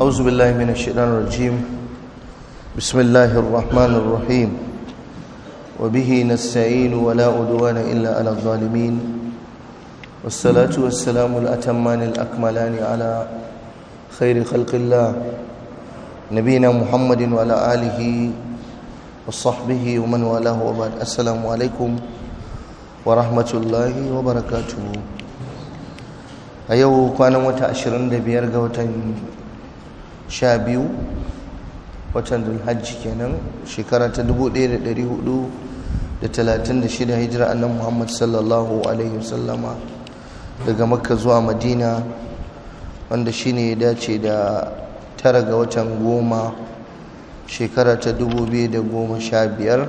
أعوذ بالله من الشيطان الرجيم بسم الله الرحمن الرحيم وبه نستعين ولا عدوان إلا على الظالمين والصلاة والسلام الأتمان الأكملان على خير خلق الله نبينا محمد وعلى آله وصحبه ومن والاه وبعد السلام عليكم ورحمة الله وبركاته أيوه كان متى 25 ga watan sha biyu watan dulhajji kenan shekara ta 1436 hijira annan muhammad sallallahu alaihi wasallama daga makka zuwa madina wanda shine ya dace da tara ga watan goma shekara ta 2015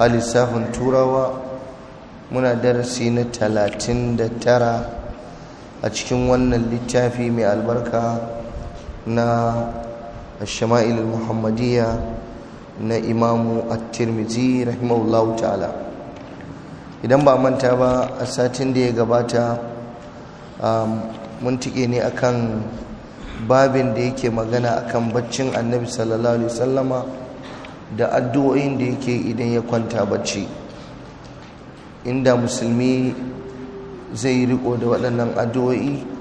a lissafin turawa muna darasi na 39 a cikin wannan littafi mai albarka na shama'il muhammadiyya na imamu at-tirmidhi rahimahullahu ta'ala idan ba manta ba a satin da ya gabata um, mun tike ne akan babin da yake magana akan baccin annabi sallallahu alaihi wasallama da addu'o'in da yake idan ya kwanta bacci inda musulmi zai riko da waɗannan addu'o'i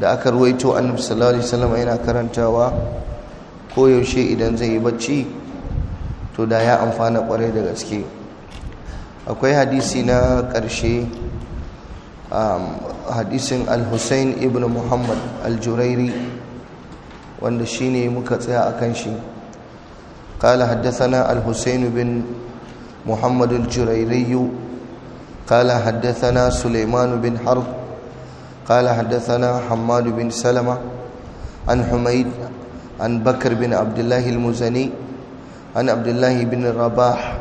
da aka ruwaito annabi sallallahu alaihi wasallam yana karantawa koyaushe idan zai yi bacci to da ya amfana kwarai da gaske akwai hadisi na ƙarshe um, hadisin al ibn muhammad al-jurairi wanda shine muka tsaya a kan shi قال حدثنا الحسين بن yau kala haddasa na سليمان bin حرب قال حدثنا حماد بن سلمة عن حميد عن بكر بن عبد الله المزني عن عبد الله بن الرباح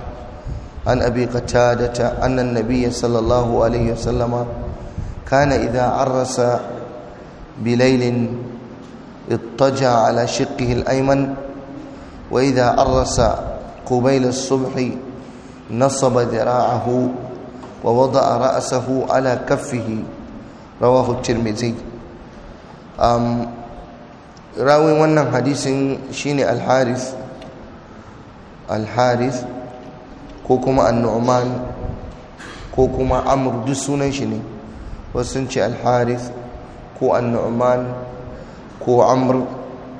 عن أبي قتادة أن النبي صلى الله عليه وسلم كان إذا عرس بليل اضطجع على شقه الأيمن وإذا عرس قبيل الصبح نصب ذراعه ووضع رأسه على كفه rawahu tirmidhi um, rawin wannan hadisin shine al-harith al-harith ko kuma an-nu'man ko kuma amr duk sunan shi ne wasu sun ce al-harith ko an-nu'man ko amr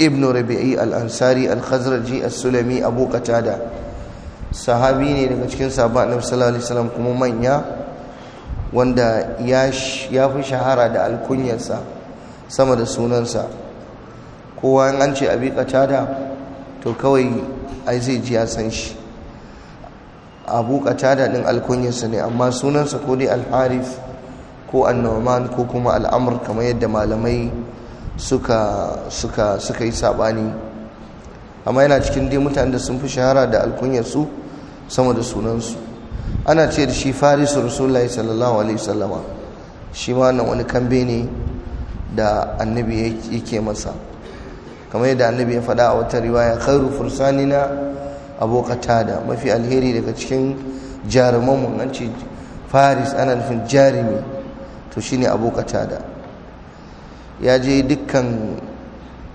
ibn rabi'i al-ansari al-khazraji as-sulami abu qatada sahabi ne daga cikin sahabban annabi sallallahu alaihi wasallam kuma manya wanda ya fi shahara da alkunyarsa sama da sunansa kowa an ce abi da to kawai ai zai ji ya san shi abu da din alkunyarsa ne amma sunansa ko dai alharif ko annoman ko kuma al'amur kamar yadda malamai suka yi saɓani. amma yana cikin dai mutane da sun fi shahara da alkunyarsu sama da sunansu ana ce da shi faris rasulullahi sallallahu alaihi sallama shi ma wannan wani kambe ne da annabi yake masa kamar yadda annabi ya faɗa a wata riwaya khairu fursanina abokata da mafi alheri daga cikin jarumanmu an ce faris ana nufin jarumi to shine abokata da ya je dukkan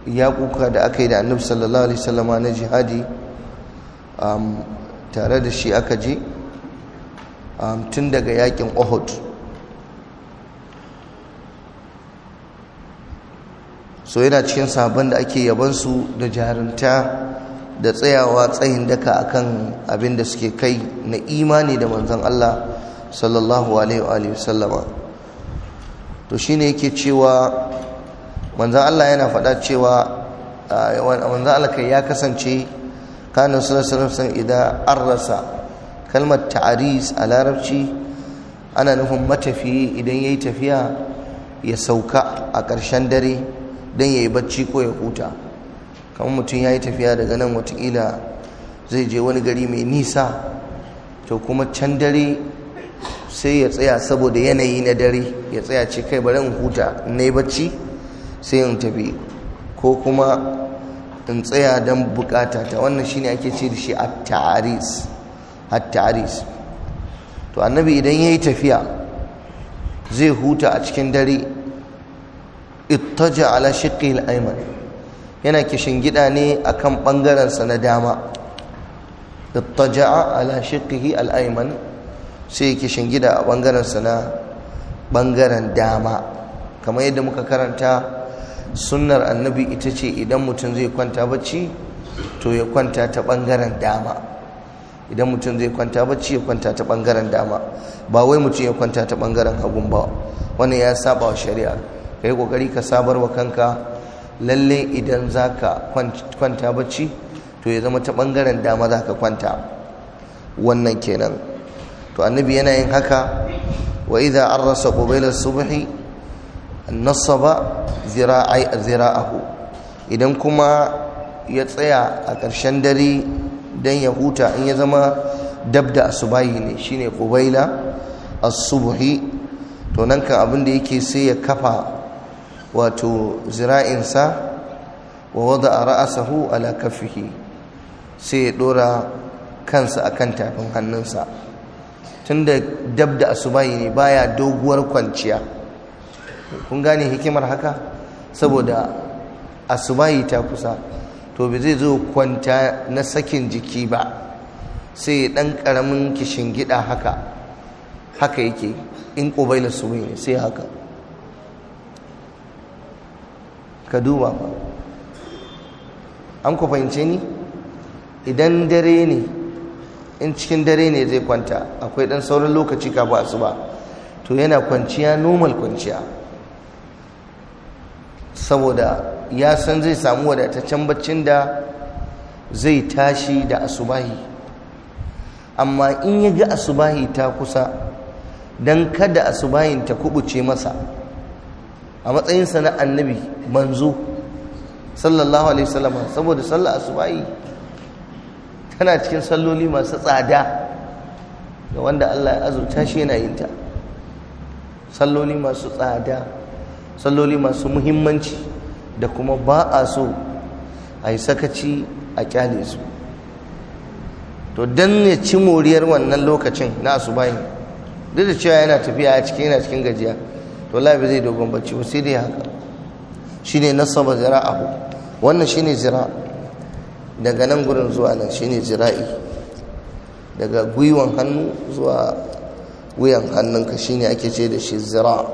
yaƙuka da aka yi da annabi sallallahu alaihi sallama na jihadi tare da shi aka je Um, tun daga yakin ohud so yana cikin sabon da ake yabansu da jarumta da tsayawa tsayin daka akan abin da suke kai na imani da manzan Allah sallallahu alaihi wasallama to shine yake cewa manzan Allah yana faɗa cewa uh, manzan Allah kai ya kasance kanin sallallahu alaihi wasallam idan rasa. kalmar ta'aris a larabci ana nufin matafiyi idan ya yi tafiya ya sauka a ƙarshen dare don ya yi bacci ko ya huta kamar mutum ya yi tafiya daga nan watakila zai je wani gari mai nisa to kuma can dare sai ya tsaya saboda yanayi na dare ya tsaya ce kai bari in huta na yi bacci sai in tafi ko kuma in tsaya don bukata ta wannan shine ake ce da shi a ta'aris at-ta'ris to annabi idan yayi tafiya zai huta a cikin dare ittaja ala shiqqi al-ayman yana gida ne akan bangaren sa na dama ittaja ala shiqqihi al-ayman sai gida a bangaren sa na bangaren dama kamar yadda muka karanta sunnar annabi ita ce idan mutum zai kwanta bacci to ya kwanta ta bangaren dama idan mutum zai kwanta bacci ya kwanta ta bangaren dama ba wai mutum ya kwanta ta bangaren hagun ba wannan ya saba wa shari'a kai kokari ka sabar wa kanka lalle idan ka kwanta bacci to ya zama ta bangaren dama zaka kwanta wannan kenan to annabi yana yin haka wa idza arrasa qabila subhi nasaba zira'ahu idan kuma ya tsaya a ƙarshen dare don ya huta in ya zama dab da asubahi ne shine ne as-subhi to nan abin da yake sai ya kafa wato zira'insa wa wada a ra'asahu alakafihi sai ya dora kansa a kan tafin hannunsa tunda dab da asubahi ne baya doguwar kwanciya kun gane hikimar haka saboda asubayi ta kusa to bai zai zo kwanta na sakin jiki ba sai dan karamin kishin gida haka haka yake in ƙubaila su ne sai haka ka duba ba an ku fahimce ni idan dare ne in cikin dare ne zai kwanta akwai dan sauran lokaci su asuba to yana kwanciya normal kwanciya saboda ya san zai samu wadataccen baccin da zai tashi da asubahi amma in ya ga asubahi ta kusa don kada asubahin ta kubuce masa a matsayinsa na annabi manzo sallallahu alaihi salama saboda sallar asubahi tana cikin salloli masu tsada ga wanda Allah ya azurta shi yana yin ta salloli masu tsada salloli masu muhimmanci da kuma ba a so a yi sakaci a kyale su to don ya ci moriyar wannan lokacin na asubahi duk da cewa yana tafiya a cikin yana cikin gajiya to labi zai dogon bacci ba sai dai haka shine zira abu wannan shine zira daga nan gurin zuwa nan shine zira'i daga gwiwon hannu zuwa wuyan hannunka shine ake ce da shi zira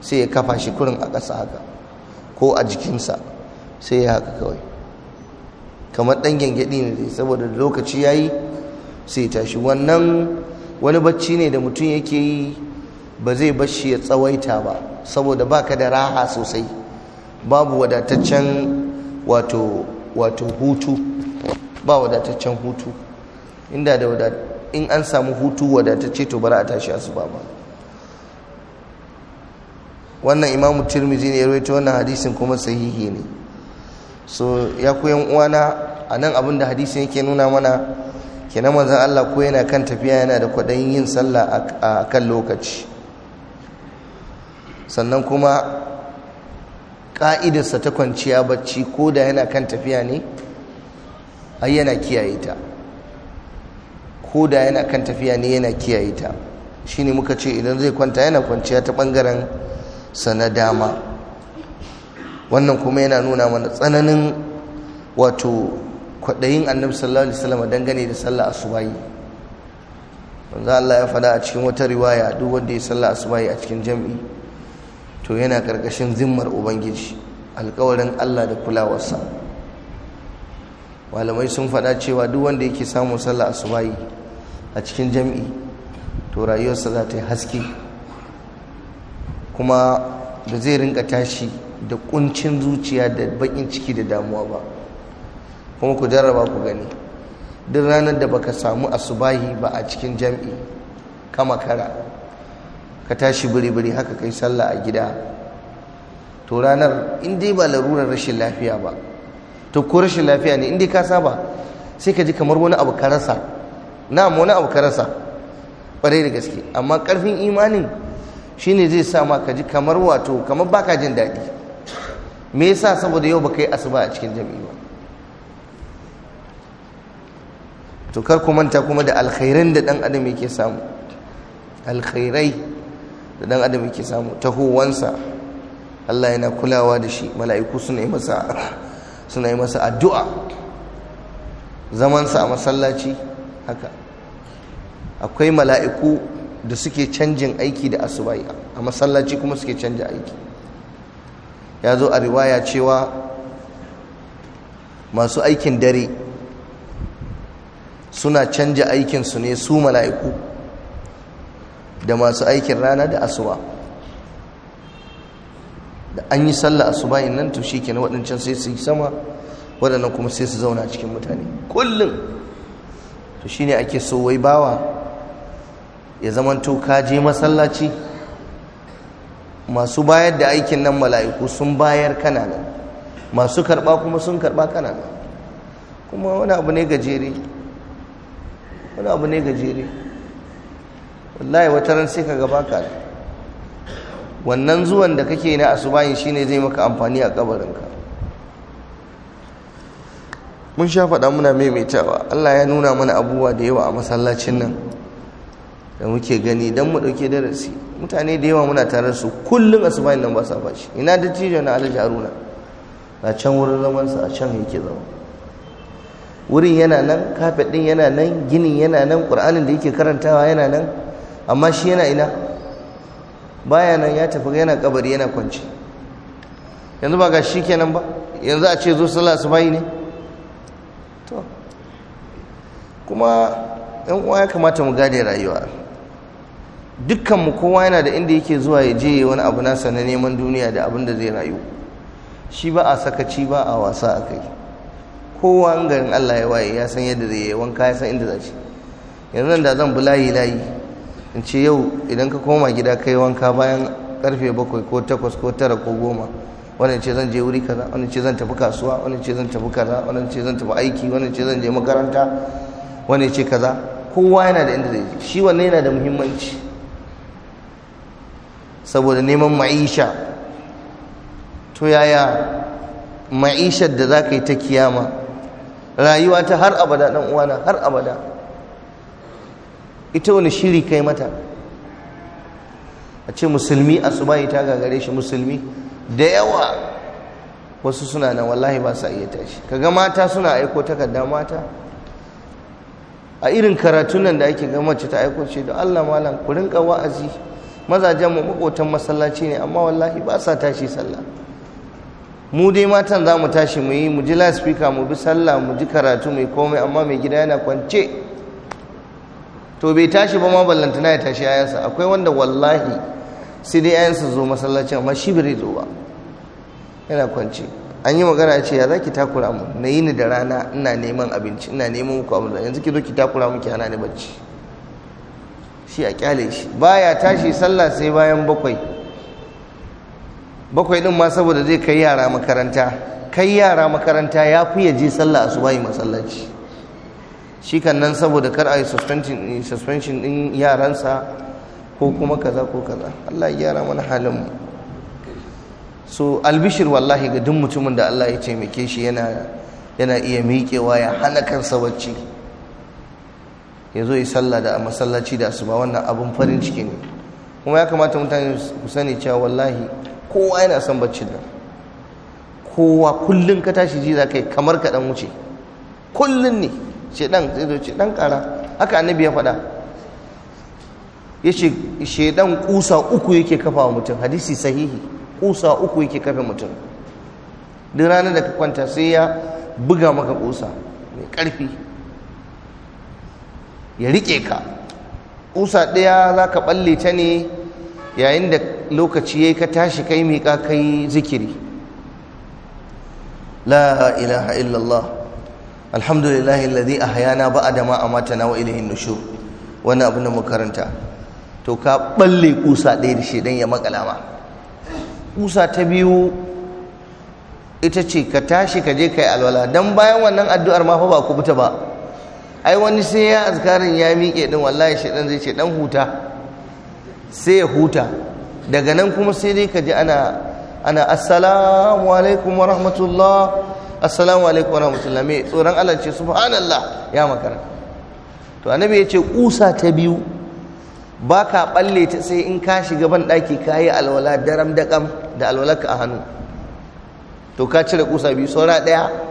sai ya kafa shi kurin a ƙasa haka ko a jikinsa sai ya haka kawai kamar ɗan gyangyaɗi ne saboda lokaci ya yi sai tashi wannan wani bacci ne da mutum yake yi ba zai bashi ya tsawaita ba saboda ka da raha sosai babu wadataccen wato hutu ba wadataccen hutu inda da in an samu hutu wadatacce to bara a tashi asuba ba wannan imamu tirmizi ne ya rawaito wannan hadisin kuma sahihi ne so ya koyan uwana a nan abin da hadisin yake nuna mana na manzan Allah ko yana kan tafiya yana da kwaɗayin yin sallah a kan lokaci sannan kuma ƙa'idarsa ta kwanciya bacci ko da yana kan tafiya ne ai yana kiyaye ta ko da yana kan tafiya ne yana kiyaye ta shine muka ce idan zai kwanta yana kwanciya ta ɓangaren sana dama wannan kuma yana nuna mana tsananin wato kwaɗayin annabi sallallahu alaihi wasallam dangane da sallah asubahi manzo Allah ya faɗa a cikin wata riwaya duk wanda ya sallah asubahi a cikin jami'i to yana karkashin zimmar ubangiji alƙawarin Allah da kulawarsa malamai sun faɗa cewa duk wanda yake samun sallar asubahi a cikin jami'i to rayuwarsa za ta yi haske kuma ba zai rinka tashi da kuncin zuciya da bakin ciki da damuwa ba kuma ku jarraba ku gani duk ranar da baka samu asubahi ba a cikin jam'i kama kara ka tashi biri-biri haka kai sallah a gida to ranar in dai ba larurar rashin lafiya ba to ko rashin lafiya ne in dai ka saba sai ka ji kamar wani abu ka rasa na wani abu ka rasa da gaske amma ƙarfin imanin ne zai sa ma ka ji kamar wato kamar baka jin daɗi me yasa saboda yau baka yi asuba a cikin jami'i ba to kar ku manta kuma da alkhairan da dan adam yake samu alkhairai da dan adam yake samu tahowansa Allah yana kulawa da shi mala'iku yi masa suna yi masa addu'a zamansa a masallaci haka akwai mala'iku da suke canjin aiki da asubai a masallaci kuma suke canja aiki ya zo a riwaya cewa masu aikin dare suna canja aikinsu ne su mala'iku da masu aikin rana da asuba da an yi sallah asubai nan to shi kenan waɗancan sai su yi sama waɗannan kuma sai su zauna cikin mutane kullum to ne ake so wai bawa ya to ka je masallaci masu bayar da aikin nan mala'iku sun bayar kana nan masu karba kuma sun karba kana nan kuma wani abu ne gajere wani abu ne gajere wallahi wata ran sai ka gaba ka wannan zuwan da kake na asubahin shine zai maka amfani a kabarinka mun sha faɗa muna maimaitawa Allah ya nuna mana abubuwa da yawa a masallacin nan da muke gani don mu ɗauke darasi mutane da yawa muna tare su kullum a subayin nan ba sa bashi ina da cijo na alhaji haruna a can wurin zamansa a can yake zama wurin yana nan kafet ɗin yana nan ginin yana nan ƙur'anin da yake karantawa yana nan amma shi yana ina baya nan ya tafi yana kabari yana kwanci yanzu ba ga shi kenan ba yanzu a ce zo sallah subayi ne to kuma yan uwa ya kamata mu gane rayuwa dukkanmu kowa yana da inda yake zuwa ya je wani abu nasa na neman duniya da abin da zai rayu shi ba a sakaci ba a wasa a kai kowa garin Allah ya waye ya san yadda zai yi wanka ya san inda za shi yanzu da zan bi layi layi in ce yau idan ka koma gida kai wanka bayan karfe bakwai ko takwas ko tara ko goma wani ce zan je wuri kaza wani ce zan tafi kasuwa wani ce zan tafi kaza wani ce zan tafi aiki wani ce zan je makaranta wani ce kaza kowa yana da inda zai je shi wannan yana da muhimmanci saboda neman ma'isha to yaya ma'ishar da za ka yi ta kiyama rayuwa ta har abada ɗan uwana har abada ita wani shiri kai mata a ce musulmi a su bayi ta gagare shi musulmi da yawa wasu suna nan wallahi ba sa iya tashi kaga mata suna aiko takarda mata a irin karatun nan da ake ga mace ta aiko ce da Allah malam ku rinka wa'azi mazajen mu makotan masallaci ne amma wallahi ba sa tashi sallah mu dai matan za mu tashi mu yi mu ji laspika mu bi sallah mu ji karatu mu yi komai amma mai gida yana kwance to bai tashi ba ma ballantana ya tashi ayansa akwai wanda wallahi sai dai ayansa zo masallaci amma shi bai zo ba yana kwance an yi magana ya ce ya za ki takura mu na yi ni da rana ina neman abinci ina neman muku abin yanzu ki zo ki takura mu ki hana ni bacci shi a kyale shi baya tashi sallah sai bayan bakwai bakwai din ma saboda zai kai yara makaranta kai yara makaranta ya fi ya je sallah su bayi masallaci shi kan nan saboda kar a yi suspension din yaransa ko kuma kaza ko kaza Allah ya gyara mana halin mu so albishir wallahi ga duk mutumin da Allah ya taimake shi yana yana iya miƙewa ya hana kansa wacce ya zo yi sallah da masallaci da asuba wannan abin farin ciki ne kuma ya kamata mutane ku sani cewa wallahi kowa yana son bacci da kowa kullum ka tashi ji za yi kamar ka dan wuce kullum ne dan zai zo ce dan kara haka annabi ya faɗa ya ce shedan kusa uku yake kafa wa mutum hadisi sahihi kusa uku yake kafa mutum duk ranar da ka kwanta sai ya buga maka kusa mai ƙarfi ya riƙe ka ƙusa ɗaya za ka ɓalle ta ne yayin da lokaci ya ka tashi kai miƙa kai zikiri la ilaha illallah alhamdulillahi na ahyana dama ma na wa ilayhi nushu wani abu na makaranta to ka balle kusa ɗaya da shedan ya makala ma kusa ta biyu ita ce ka tashi ka je kai alwala Don bayan wannan addu'ar ma fa ba ku fita ba ai wani sai ya azkarin ya miƙe din wallahi shedan zai ce dan huta sai ya huta daga nan kuma sai dai ka ji ana ana assalamu alaikum wa rahmatullah assalamu alaikum wa rahmatullah mai tsoron Allah ce subhanallah ya makara to annabi ya ce kusa ta biyu ba ka balle ta sai in ka shiga ban daki ka yi alwala daram da kam da alwalarka a hannu to ka cire kusa biyu saura ɗaya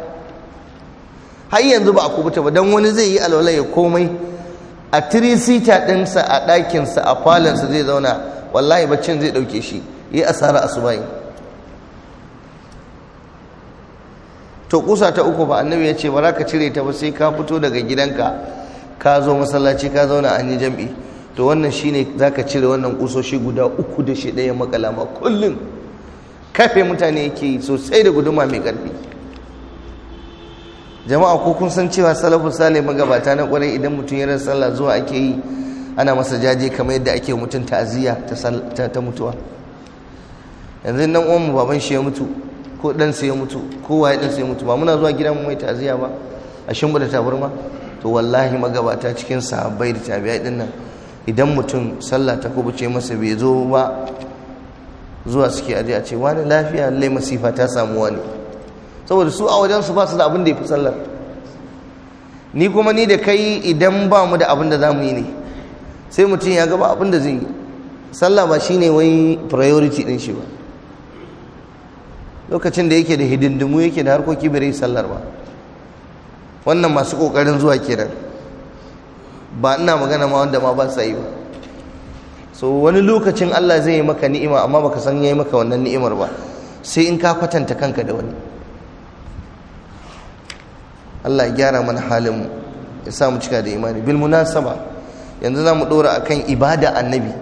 har yanzu ba a kubuta ba don wani zai yi alwala ya komai a tirisita ɗinsa a ɗakinsa a falonsa zai zauna wallahi baccin zai ɗauke shi yi asara asubahi to kusa ta uku ba annabi ya ce ba za ka cire ta ba sai ka fito daga gidanka ka zo masallaci ka zauna an yi jam'i to wannan shine za ka cire wannan kusoshi guda uku da shi ɗaya makalama kullum kafe mutane yake sosai da guduma mai karfi. jama'a ko kun san cewa salafu salih magabata na kwarai idan mutum ya sallah zuwa ake yi ana masa jaje kamar yadda ake mutum ta'aziyya ta mutuwa yanzu nan uwan mu baban shi ya mutu ko dan sa ya mutu ko waye dan sa ya mutu ba muna zuwa gidan mu mai ta'aziyya ba a da tabarma to wallahi magabata cikin sahabbai da tabi'ai din nan idan mutum sallah ta kubuce masa bai zo ba zuwa suke aje a ce wani lafiya lallai masifa ta samu wani saboda su a wajen su ba su da abin da ya fi sallar ni kuma ni da kai idan ba mu da abin da za mu yi ne sai mutum ya gaba abin da zai yi sallah ba shi ne wani priority ɗin shi ba lokacin da yake da hidindimu yake da harkoki bai sallar ba wannan masu ƙoƙarin zuwa kenan ba ina magana ma wanda ma ba sa yi ba so wani lokacin Allah zai yi maka ni'ima amma baka san ya yi maka wannan ni'imar ba sai in ka kwatanta kanka da wani Allah ya gyara mana halin mu ya sa mu cika da imani bil munasaba yanzu zamu dora akan ibada annabi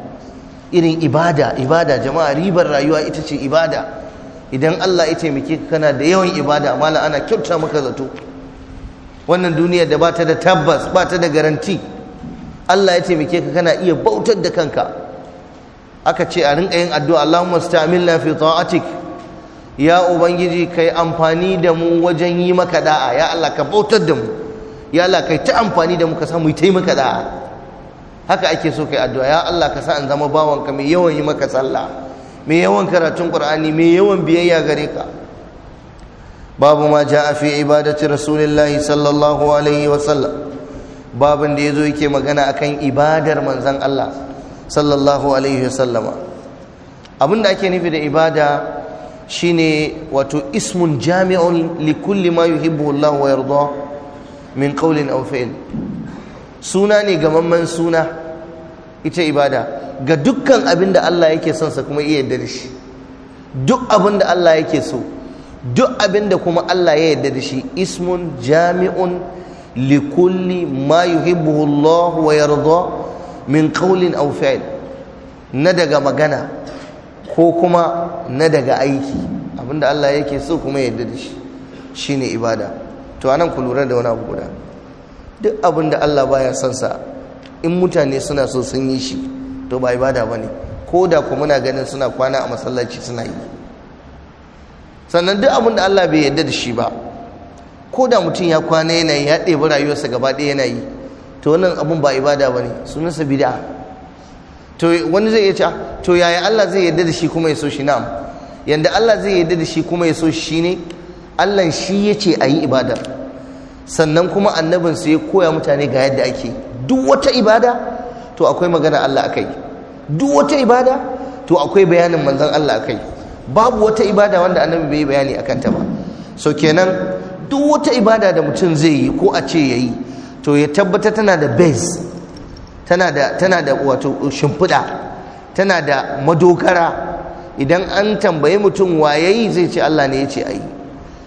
irin ibada ibada jama'a ribar rayuwa ita ce ibada idan Allah ya taimake ka kana da yawan ibada mala ana kyauta maka zato wannan duniya da bata da tabbas bata da garanti Allah ya taimake ka kana iya bautar da kanka aka ce a rinka yin addu'a Allahumma sta'milna fi ta'atik ya ubangiji kai amfani da mu wajen yi maka da'a ya Allah ka bautar da mu ya Allah kai ta amfani da mu ka samu ta yi maka da'a haka ake so kai addu'a ya Allah ka sa an zama bawanka mai yawan yi maka sallah mai yawan karatun qur'ani mai yawan biyayya gare ka babu ma ja'a fi ibadati rasulillahi sallallahu alaihi wa sallam babin da yazo yake magana akan ibadar manzon Allah sallallahu alaihi wa sallama abinda ake nufi da ibada shine wato ismun jami'un likulli ma ma yuhibbu Allah wa yarda min qawlin aw fi'l suna ne ga mamman suna ita ibada ga dukkan abin da Allah yake son sa kuma iya yarda da shi duk abin da Allah yake so duk abin da kuma Allah ya yarda da shi ismun jami'un likulli ma ma yuhibbu Allah wa yarda min qawlin aw fi'l na daga magana ko kuma na daga aiki abinda Allah yake so kuma yadda da shi shi ne ibada to anan ku lura da wani abu guda duk abinda Allah baya son sa in mutane suna so sun yi shi to ba ibada ba ne? ko da ku muna ganin suna kwana a masallaci suna yi sannan duk abinda Allah bai yadda da shi ba ko da mutum ya kwana yana yi ya ɗebi rayuwarsa gaba ɗaya yana yi to wannan abun ba ibada ba ne sunansa bid'a to wani zai iya ah, to yaya Allah zai yadda da shi kuma ya so shi na'am yanda Allah zai yadda da shi kuma ya so shi ne Allah shi ya ce a yi sannan kuma annabin su ya koya mutane ga yadda ake duk wata ibada to akwai magana Allah akai. duk wata ibada to akwai bayanin manzan Allah akai. babu wata ibada wanda annabi bai yi bayani a kanta ba so kenan duk wata ibada da mutum zai yi ko a ce ya yi to ya tabbata tana da base tana da tana da wato shimfiɗa tana da madokara. idan an tambayi mutum waye zai ce Allah ne ya ce ayi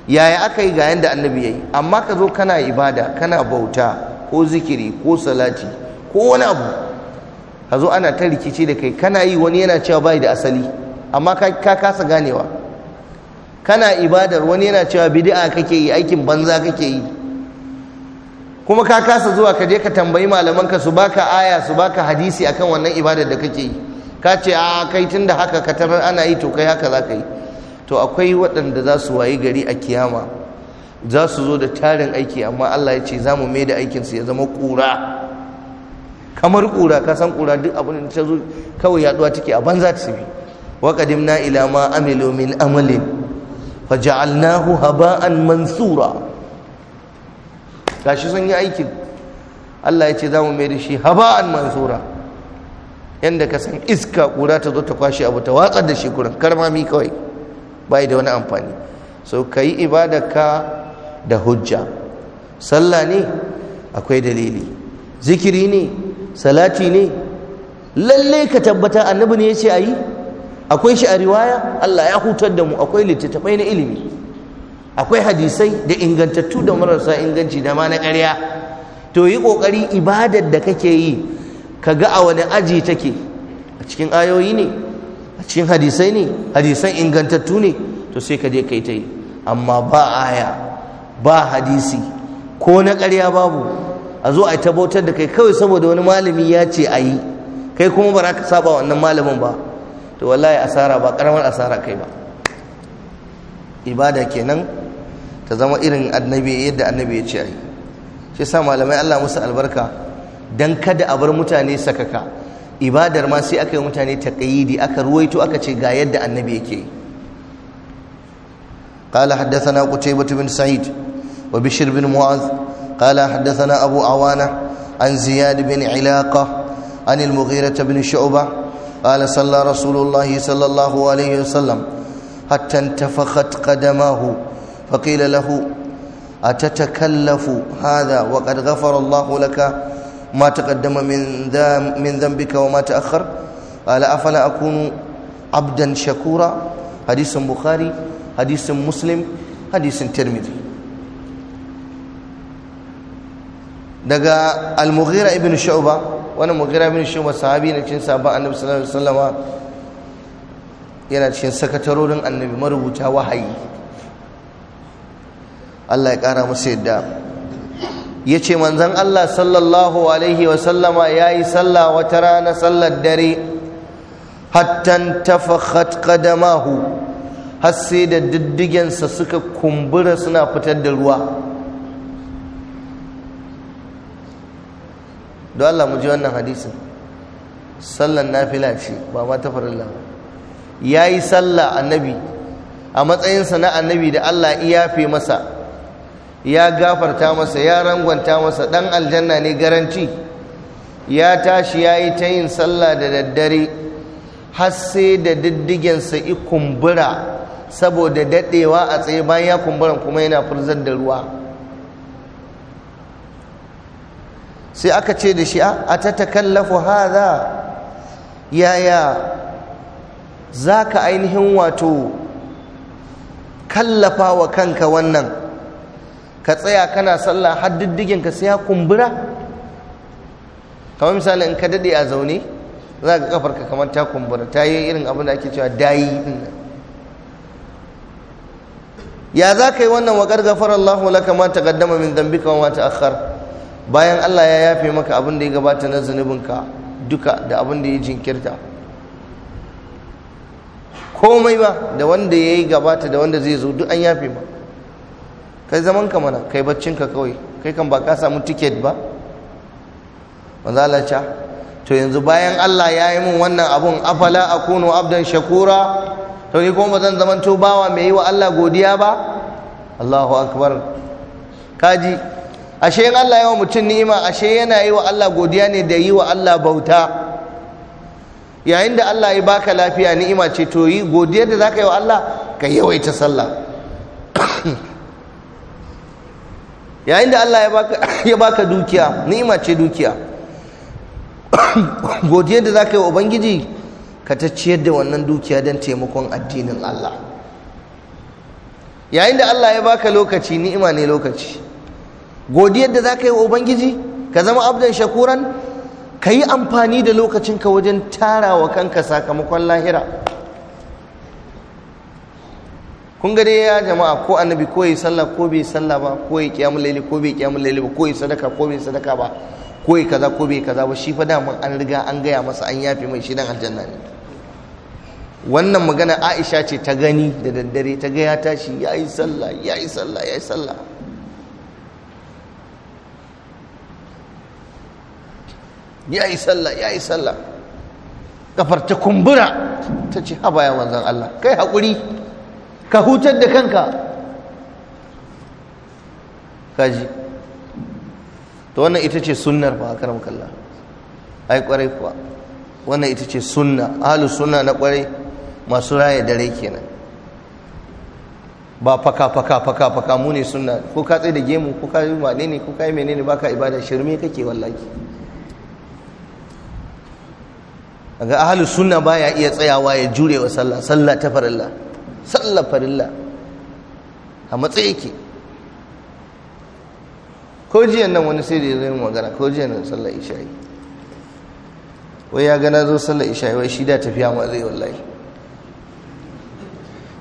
yaya aka yi ga yanda annabi yayi amma ka zo kana ibada kana bauta ko zikiri ko salati ko wani abu ka zo ana ta rikici da kai kana yi wani yana cewa bai da asali amma ka kasa ganewa kana ibadar wani yana cewa bid'a kake yi aikin banza kake yi kuma ka kasa zuwa ka je ka tambayi malamanka su baka aya su baka hadisi akan wannan ibada da kake yi ka ce a kai tun da haka ka tarar ana yi to kai haka za ka yi to akwai waɗanda za su wayi gari a kiyama za su zo da tarin aiki amma Allah ya ce za mu mai da aikinsu ya zama ƙura kamar ƙura ka san ƙura duk abin da ta zo kawai yaɗuwa take a banza ta bi wa qadimna ila ma amilu min amalin ja'alnahu haba'an mansura gashi sun yi aikin Allah ya ce za mu mai da shi haba'an mansura yadda ka san iska ƙura ta zo ta kwashe abu ta watsar da shi kuran karmami kawai bai da wani amfani so ka yi ka da hujja sallah ne akwai dalili zikiri ne salati ne lalle ka tabbata annabi ne ya ce a yi akwai shi a riwaya Allah ya hutar da mu akwai littattafai na ilimi akwai hadisai da ingantattu da marasa inganci da ma na ƙarya to yi ƙoƙari ibadar da kake yi ka ga a wani aji take a cikin ayoyi ne a cikin hadisai ne hadisan ingantattu ne to sai ka je kai ta yi amma ba aya ba hadisi ko na ƙarya babu a zo a tabbatar da kai kawai saboda wani malami ya ce a yi kai kuma ba ka saba wannan malamin ba to wallahi asara ba ƙaramar asara kai ba ibada kenan ta zama irin annabi yadda annabi ya ce ai shi sa malamai Allah musu albarka dan kada a bar mutane sakaka ibadar ma sai aka yi mutane taƙayidi aka ruwaito aka ce ga yadda annabi yake yi قال حدثنا قتيبة بن سعيد وبشر بن معاذ قال حدثنا أبو عوانة عن زياد بن علاقة عن المغيرة بن شعبة قال صلى رسول الله صلى الله عليه وسلم حتى انتفخت قدماه فقيل له أتتكلف هذا وقد غفر الله لك ما تقدم من من ذنبك وما تأخر قال أفلا أكون عبدا شكورا حديث بخاري حديث مسلم حديث ترمذي daga al-mughira ibn shu'ba wannan sahabi ne cikin sahabban annabi sallallahu alaihi yana cikin sakatarorin annabi marubuta wahayi Allah ya ƙara musu yadda ya ce manzan Allah sallallahu alaihi wasallama ya yi sallah wata rana sallar dare hattan tafakhat qadamahu har sai da diddigensa suka kumbura suna fitar da ruwa don Allah mu ji wannan hadisin sallan na ce ba ma ta farilla ya yi sallah annabi a matsayinsa na annabi da Allah iya fi masa ya gafarta masa ya rangwanta masa dan aljanna ne garanci ya tashi ya yi ta yin sallah da daddare har sai da diddigensa i kumbura saboda daɗewa a tsaye bayan ya kumbura kuma yana furzar da ruwa sai aka ce da shi a ta kallafu haza yaya za ka ainihin wato kallafa wa kanka wannan ka tsaya kana sallah har diddigin ka sai ya kumbura kamar misali in ka dade a zaune za ka kafar ka kamar ta kumbura ta yi irin abin da ake cewa dayi din ya za ka yi wannan wa gargafar wala laka ma gaddama min dhanbika wa ta akhar bayan Allah ya yafe maka abin da ya gabata na ka duka da abin da ya jinkirta komai ba da wanda ya yi gabata da wanda zai zo duk an yafe maka kai zaman ka mana kai baccin ka kawai kai kan ba ka samu tiket ba manzala to yanzu bayan Allah ya yi min wannan abun afala akunu abdan shakura to ni kuma zan zaman to bawa mai yi wa Allah godiya ba Allahu akbar kaji ashe in Allah yawa mutum ni'ima ashe yana yi wa Allah godiya ne da yi wa Allah bauta yayin da Allah ya baka lafiya ni'ima ce to yi godiyar da zaka yi wa Allah ka yawaita sallah yayin da Allah ya baka dukiya ni'ima ce dukiya godiyar da za ka yi wa ubangiji ka ta ciyar da wannan dukiya don taimakon addinin Allah yayin da Allah ya baka lokaci ni'ima ne lokaci godiyar da za ka yi wa ubangiji ka zama abdan shakuran ka yi amfani da lokacinka wajen tara wa kanka sakamakon lahira kun ga dai ya jama'a ko annabi ko yi sallah ko bai sallah ba ko yi kiyamul laili ko bai kiyamul laili ba ko yi sadaka ko bai sadaka ba ko yi kaza ko bai kaza ba shi fa daman an riga an gaya masa an yafi mai shi dan aljanna ne wannan magana Aisha ce ta gani da daddare ta ga ya tashi yi sallah yi sallah yi sallah yi sallah yi sallah kafar ta kumbura ta ce haba ya manzon Allah kai hakuri ka hutar da kanka kaji to wannan ita ce sunnar ba karam kalla ai kwarai kuwa wannan ita ce sunna ahlus sunna na kwarai masu raya dare kenan ba faka faka faka faka mu ne sunna ko ka tsaye da gemu ko ka yi wane ne ko ka yi menene baka ibada shirme kake wallaki ga ahlus sunna baya iya tsayawa ya jure wa sallah sallah ta farilla sallar farilla a matsayi yake ko jiyan nan wani sai da zai magana ko jiyan nan sallar isha'i wai ya gana zo sallar isha'i wai shi da tafiya ma zai wallahi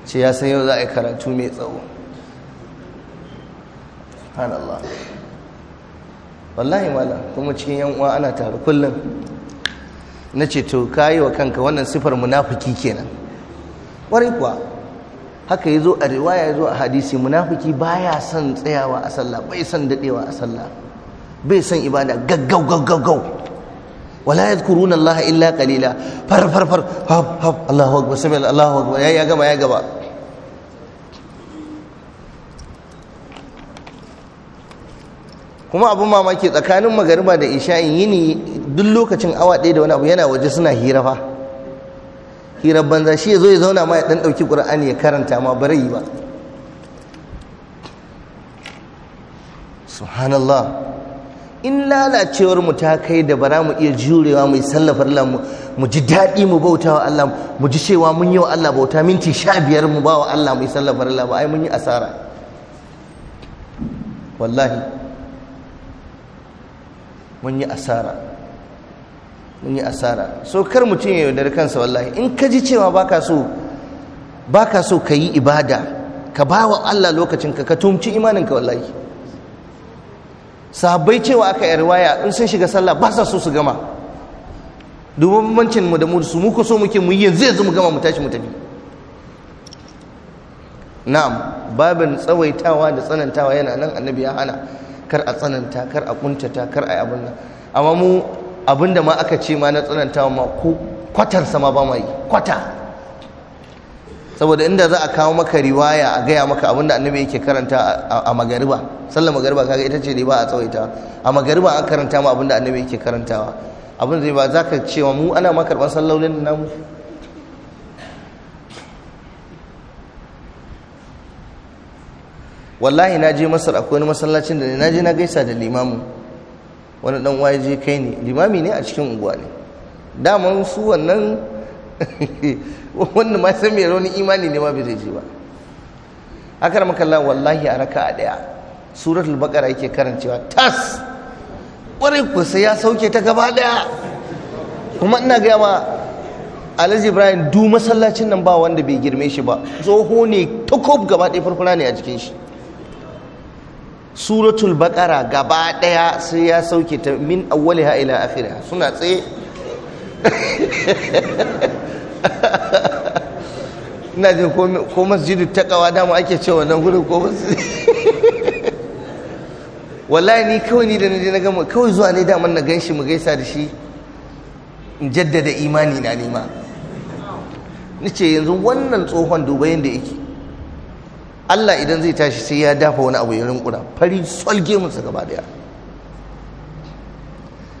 ce ya san yau za a yi karatu mai tsawo subhanallah wallahi mala kuma cikin yan uwa ana tare kullum na ce to kayi wa kanka wannan sifar munafiki kenan ƙwarai kuwa haka yazo a riwaya yazo a hadisi munafiki baya son tsayawa a sallah bai son dadewa a sallah bai son ibada gaggau gaggau gaggau wala yadhkuruna Allah illa qalila far far far hab hab Allahu akbar sami Allahu akbar ya gaba ya gaba kuma abin mamaki tsakanin magariba da isha'in yini duk lokacin awa ɗaya da wani abu yana waje suna hira fa hirar banza shi ya zo ya zauna ma ya ɗan ɗauki ƙur'ani ya karanta ma barayi ba subhanallah in lalacewar mu ta kai da bara mu iya jurewa mu sallafar lamu mu ji daɗi mu bauta wa Allah mu ji cewa mun yi wa Allah bauta minti sha biyar mu ba wa Allah mu sallafar lamu ai mun yi asara wallahi mun yi asara mun yi asara so kar mutum ya yaudari kansa wallahi in ka ji cewa baka so baka so ka yi ibada ka ba wa Allah lokacin ka tumci imaninka wallahi sahabbai cewa aka yi riwaya in sun shiga sallah ba sa so su gama domin bambancin mu da mu su mu ko so muke mu yi yanzu yanzu mu gama mu tashi mu tafi na'am babin tsawaitawa da tsanantawa yana nan annabi ya hana kar a tsananta kar a kuntata kar a yi abin nan amma mu abinda ma aka ce ma na tsanantawa ma ko kwatar sama ba mai kwata saboda inda za a kawo maka riwaya a gaya maka abinda annabi yake karanta a magariba sallar magariba kaga ita ce ne ba a tsawaita a magariba an karanta ma abinda annabi yake karantawa abin zai ba za ka cewa mu ana ma karɓar sallolin namu wallahi na je masar akwai wani masallacin da ne na je na gaisa da limamu wani dan waye je kai ne limami ne a cikin unguwa ne daman su wannan wannan ma sai mai rauni imani ne ma bai je ba akar makalla wallahi a raka a daya suratul baqara yake karancewa tas kwarai ku sai ya sauke ta gaba daya kuma ina gaya ma alhaji ibrahim du masallacin nan ba wanda bai girme shi ba tsoho ne takob gaba ɗaya farfara ne a cikin shi suratul baqara gaba daya sai ya sauke ta min awwaliha ila akhiriha suna tsaye ina jin ko masjidu taqwa da mu ake cewa nan gurin ko masjidu wallahi ni kawai ni da naje na gama kawai zuwa ne da daman na ganshi mu gaisa da shi in jaddada imani na nema nace yanzu wannan tsohon dubayin da yake Allah idan zai tashi sai ya dafa wani abu ya rinkura fari solge musu gaba daya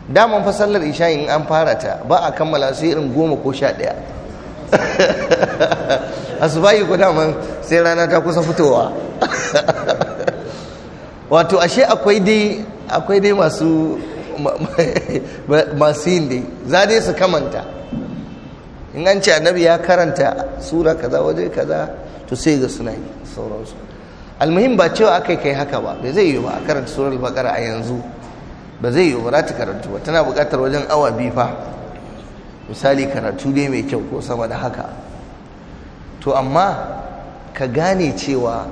daman fa sallar isha an fara ta ba a kammala sai irin goma ko sha daya bayi ko daman sai rana ta kusa fitowa wato ashe akwai dai akwai dai masu masu yin dai za dai su kamanta in an ce annabi ya karanta sura kaza waje kaza to sai ga suna sauransu almuhim ba cewa aka kai haka ba bai zai yi ba a karanta surar bakara a yanzu ba zai yi ba za ta karatu ba tana bukatar wajen awa biyu fa misali karatu dai mai kyau ko sama da haka to amma ka gane cewa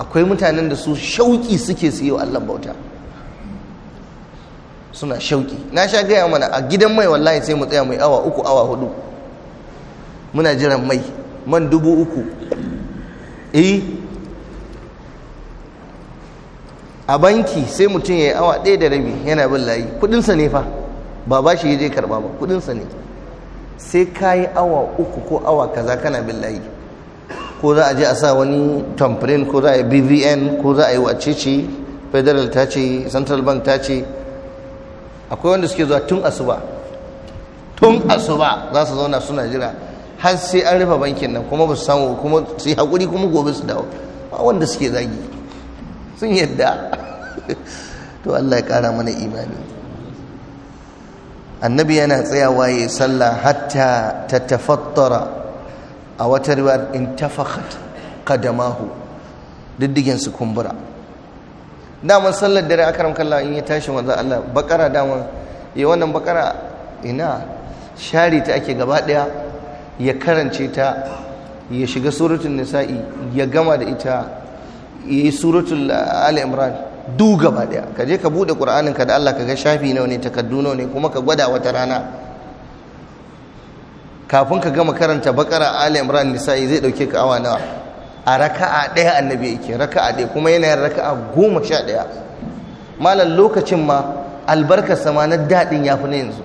akwai mutanen da su shauki suke su yi wa Allah bauta suna shauƙi na sha gaya mana a gidan mai wallahi sai mu tsaya mai awa uku awa hudu muna jiran mai man dubu uku eh a banki sai mutum ya yi awa ɗaya da rabi yana bin layi kudinsa ne fa ba ba shi je karba ba kudinsa ne sai ka yi awa uku ko awa kaza kana bin layi ko za a je a sa wani tamfirin ko za a yi bvn ko za a yi ce federal ta ce central bank ta ce akwai wanda suke zuwa tun asuba tun asuba za su zauna suna jira har sai an rufe bankin nan kuma ba su samu kuma sai hakuri kuma gobe su dawo ba wanda suke zagi sun yadda to Allah ya kara mana imani annabi yana tsayawa ya sallah hatta ta tafattara a wata riwayar in tafakhat qadamahu diddigin su kumbura daman sallar dare akaram kallah in ya tashi manzo Allah bakara daman ya eh, wannan bakara ina share ta ake gaba daya ya karance ta ya shiga suratul nisa'i ya gama da ita ya yi suratul ah, ali imran du gaba daya ka je ka bude ƙura'anin ka da Allah ka ga shafi nawa ne takaddu nawa ne kuma ka gwada wata rana kafin ka gama karanta bakara ali nisa'i zai dauke ka awa nawa a raka'a daya annabi yake raka'a daya kuma yana yin raka'a goma sha daya malam lokacin ma albarkar sama na daɗin ya fi na yanzu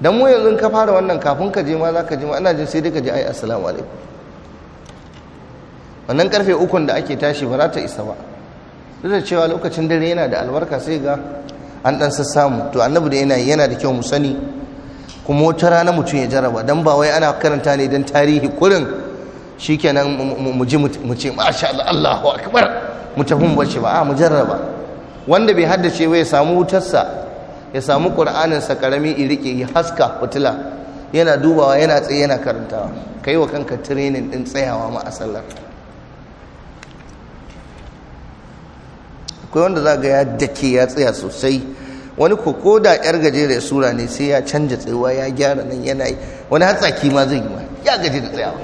dan mu yanzu ka fara wannan kafin ka je ma za ka je ma ana jin sai dai ka je ai assalamu alaikum wannan karfe ukun da ake tashi ba za ta isa ba duk da cewa lokacin dare yana da albarka sai ga an dan sassamu to annabi da yana yana da kyau mu sani kuma wata rana mutum ya jaraba dan ba wai ana karanta ne dan tarihi kurin shikenan mu ji mu ce masha Allah Allahu akbar mu tafi mu bace ba a mu jarraba wanda bai haddace wai ya samu wutarsa ya samu ƙur'anin sa karami irike ya haska fitila yana dubawa yana tsaye yana karantawa Ka yi wa kanka training ɗin tsayawa ma'asalar. akwai wanda za ga ya dake ya tsaya sosai wani koko da yar gajere sura ne sai ya canja tsayuwa ya gyara nan yana yi wani hatsaki ma zai yi ma ya gaji da tsayawa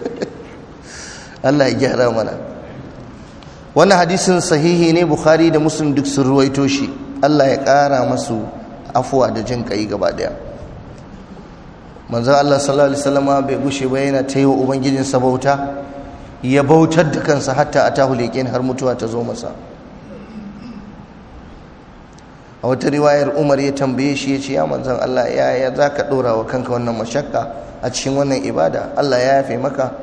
Allah ya gyara mana wannan hadisin sahihi ne bukhari da muslim duk sun ruwaito shi Allah ya ƙara masu afuwa da jin ƙai gaba ɗaya manzan Allah sallallahu alaihi wasallam bai gushe ba yana ta yi wa ubangijinsa bauta ya bautar da kansa hatta a tahu leƙen har mutuwa ta zo masa a wata riwayar umar ya tambaye shi ya ce ya manzan Allah ya ya za ka ɗora wa kanka wannan mashakka a cikin wannan ibada Allah ya yafe maka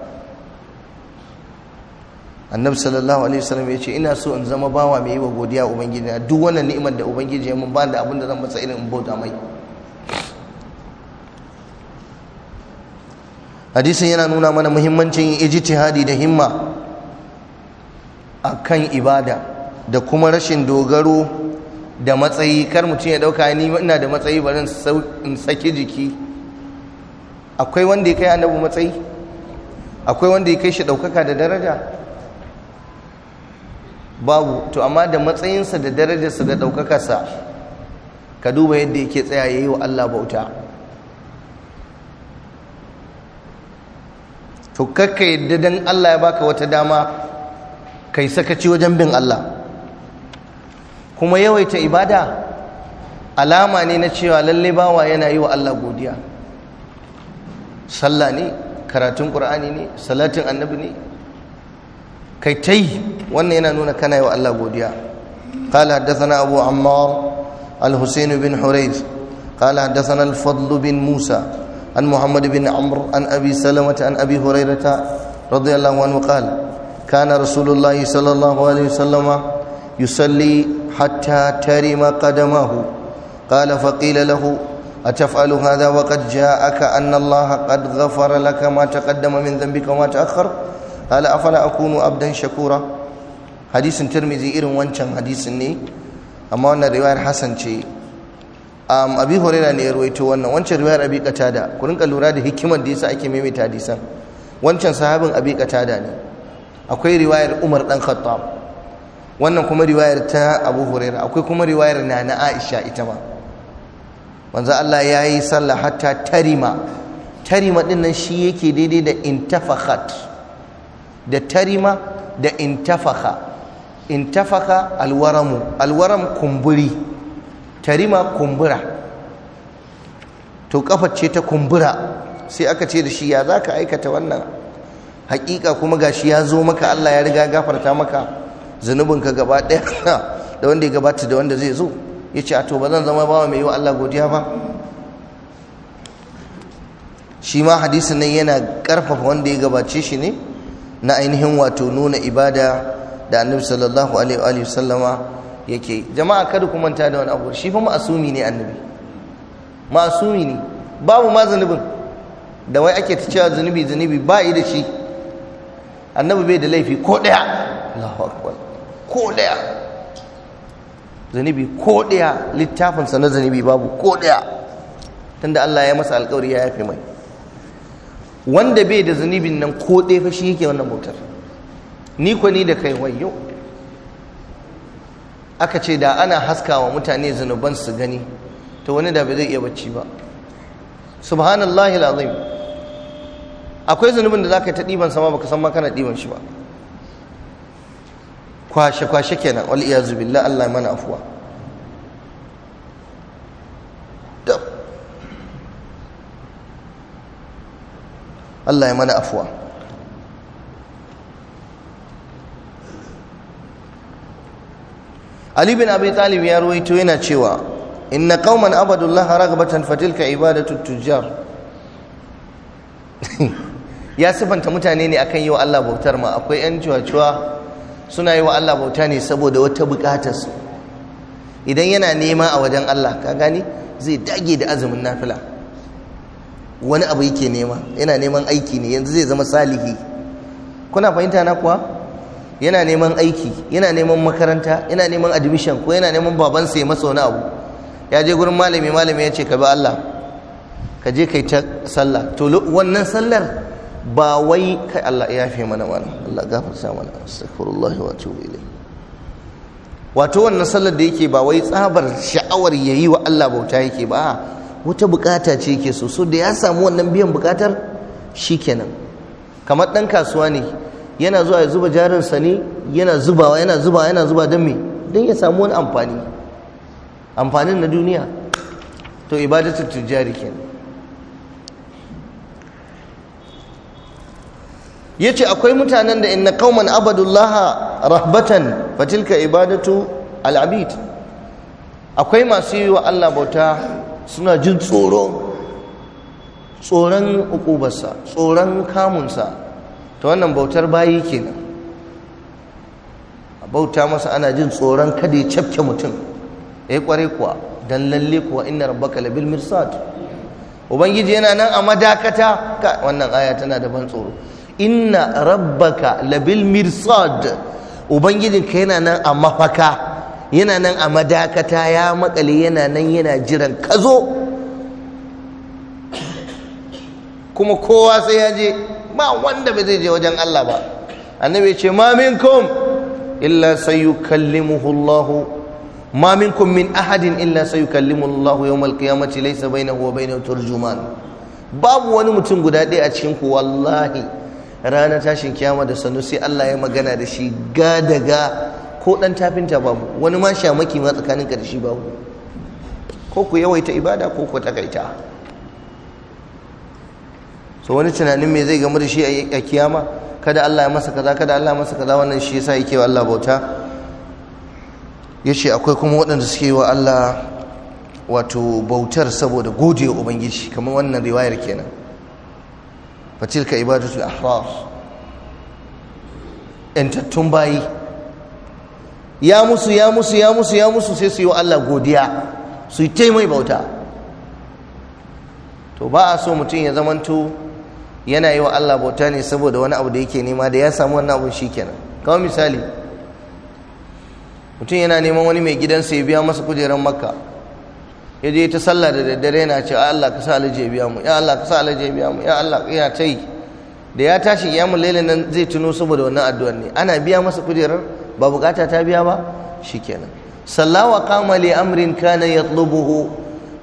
annabi sallallahu alaihi wasallam ya ce ina so in zama bawa mai yi wa godiya ubangiji na duk wannan ni'imar da ubangiji ya mun ba da abin da zan masa irin in bauta mai hadisin yana nuna mana muhimmancin yin ijtihadi da himma akan ibada da kuma rashin dogaro da matsayi kar mutum ya dauka ni ina da matsayi bari in saki jiki akwai wanda ya kai annabi matsayi akwai wanda ya kai shi daukaka da daraja babu to amma da matsayinsa da darajarsa da ɗaukakarsa ka duba yadda yake tsaya ya yi wa Allah bauta to kakka yadda don Allah ya baka wata dama kai sakaci wajen bin Allah kuma yawaita ibada alama ne na cewa lalle bawa yana yi wa Allah godiya sallah ne karatun ƙur'ani ne salatin annabi ne kai ta yi wannan yana nuna kana yi wa Allah godiya قال حدثنا أبو عمار الحسين بن حريث قال حدثنا الفضل بن موسى عن محمد بن عمرو عن أبي سلمة عن أبي هريرة رضي الله عنه قال كان رسول الله صلى الله عليه وسلم يصلي حتى ترم قدمه قال فقيل له أتفعل هذا وقد جاءك أن الله قد غفر لك ما تقدم من ذنبك وما تأخر qala afala akunu abdan shakura hadisin tirmizi irin wancan hadisin ne amma wannan riwayar hasan ce um, abi huraira ne ya ruwaito wannan wancan riwayar abi qatada ku rinka lura da hikimar da yasa ake maimaita hadisan wancan sahabin abi qatada ne akwai riwayar umar dan khattab wannan kuma riwayar ta abu huraira akwai kuma riwayar nana aisha ita ma manzo Allah yayi sallah hatta tarima tarima din nan shi yake daidai da intafakhat da tarima da intafaka intafaka alwaramu alwaram kumburi tarima kumbura to kafa ce ta kumbura sai aka ce da shi ya za ka aikata wannan hakika kuma gashi ya zo maka Allah ya riga gafarta maka zunubinka gaba ɗaya da wanda ya gabata da wanda zai zo ya ce a to ba zan zama bawa mai yi wa Allah godiya ba shi ma hadisin nan yana karfafa wanda ya gabace shi ne na ainihin wato nuna ibada da annabi sallallahu alaihi wasallama yake jama'a kada ku manta da wani abu shi fa ma'asumi ne annabi ma'asumi ne babu ma zanubin. da wai ake ta cewa zanubi zanubi ba yi da shi annabi bai da laifi ko daya Allahu akbar ko daya zanubi ko daya littafinsa na zanubi babu ko daya tunda Allah ya masa alƙawari ya yafe mai wanda bai da zunubin nan ko ɗaya fa shi yake wannan bautar ni ko ni da kai wayo aka ce da ana haskawa mutane zunuban su gani to wani da bai zai iya bacci ba subhanallahi alazim akwai zunubin da zaka ta diban sama baka san ma kana diban shi ba kwashe kwashe kenan wal iyazu billah Allah mana afuwa Allah ya mana afuwa Ali bin Abi Talib ya ruwaito yana cewa inna qauman abadullaha raghbatan fatilka ibadatu tujjar ya sifanta mutane ne akan yi wa Allah bautar ma akwai yan cuwa suna yi wa Allah bauta ne saboda wata bukatar su idan yana nema a wajen Allah ka gani zai dage da azumin nafila wani abu yake nema yana neman aiki ne yanzu zai zama salihi kuna fahimta na kuwa yana neman aiki yana neman makaranta yana neman admission ko yana neman baban sai masa wani abu ya je gurin malami malami ya ce ka bi Allah ka je kai ta sallah to wannan sallar ba wai kai Allah ya fi mana mana Allah gafarta mana astaghfirullah wa atubu wato wannan sallar da yake ba wai tsabar sha'awar yayi wa Allah bauta yake ba wata bukata ce yake so so da ya samu wannan biyan bukatar shikenan kamar dan kasuwa ne yana zuwa ya zuba sa ne yana zubawa yana zubawa yana zuba don me don ya samu wani amfani amfanin na duniya to ibadatul tujari kenan yace akwai mutanen da inna qauman abadullaha rahbatan fatilka ibadatu al'abid akwai masu yi wa Allah bauta suna jin tsoro tsoron ukubarsa tsoron kamunsa ta wannan bautar bayi kenan a bauta masa ana jin tsoron kada ya cafke mutum ya yi kware kuwa don lalle kuwa ina rabbaka labil mirsad ubangiji yana nan a madakata ka wannan aya tana da ban tsoro inna rabbaka labil mirsad ubangijinka yana nan a mafaka yana nan a madakata ya makale yana nan yana jiran ka zo kuma kowa sai ya je ba wanda ba zai je wajen Allah ba annabi ce ma minkum illa sayukallimuhu Allah ma minkum min ahadin illa sayukallimu Allah yawmal qiyamati laysa bainahu wa bainahu turjuman babu wani mutum guda ɗaya a cikin ku wallahi ranar tashin kiyama da sanu sai Allah ya magana da shi ga daga ko ɗan tafinta babu wani ma shamaki ma tsakanin ka da shi babu ko ku yawaita ibada ko ku takaita so wani tunanin me zai gamu da shi a kiyama kada Allah ya masa kaza kada Allah ya masa kaza wannan shi yasa yake wa Allah bauta yace akwai kuma waɗanda suke wa Allah wato bautar saboda gode wa ubangiji kamar wannan riwayar kenan fatilka ibadatul ahrar yantattun bayi ya musu ya musu ya musu ya musu sai su yi wa Allah godiya su yi taimai bauta to ba a so mutum ya zamanto yana yi wa Allah bauta ne saboda wani abu da yake nema da ya samu wannan abun kenan kawai misali mutum yana neman wani mai gidansa ya biya masa kujerar makka ya je ta sallah da daddare yana ce Allah ka sa alaji ya biya mu ya Allah ka sa alaji ya biya mu ya Allah ya ta yi da ya tashi ya mu nan zai tuno saboda wannan addu'ar ne ana biya masa kujerar ba bukata ta biya ba shikenan sallawa qama li amrin kana yatlubuhu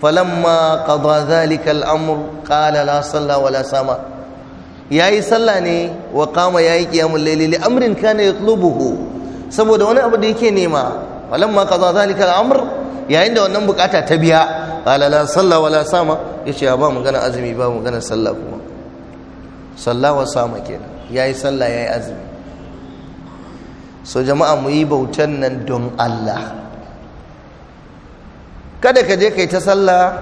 falamma qada dhalika al-amr qala la salla wa la sama yayi salla ne wa kama yayi qiyamul layli li amrin kana yatlubuhu saboda wani abu da yake nema falamma qada dhalika al-amr yayin da wannan bukata ta biya qala la salla wa la sama yace ba magana azumi ba magana sallah kuma salla wa sama kenan yayi sallah yayi azumi so jama'a mu yi bautan nan don Allah kada ka je kai ta sallah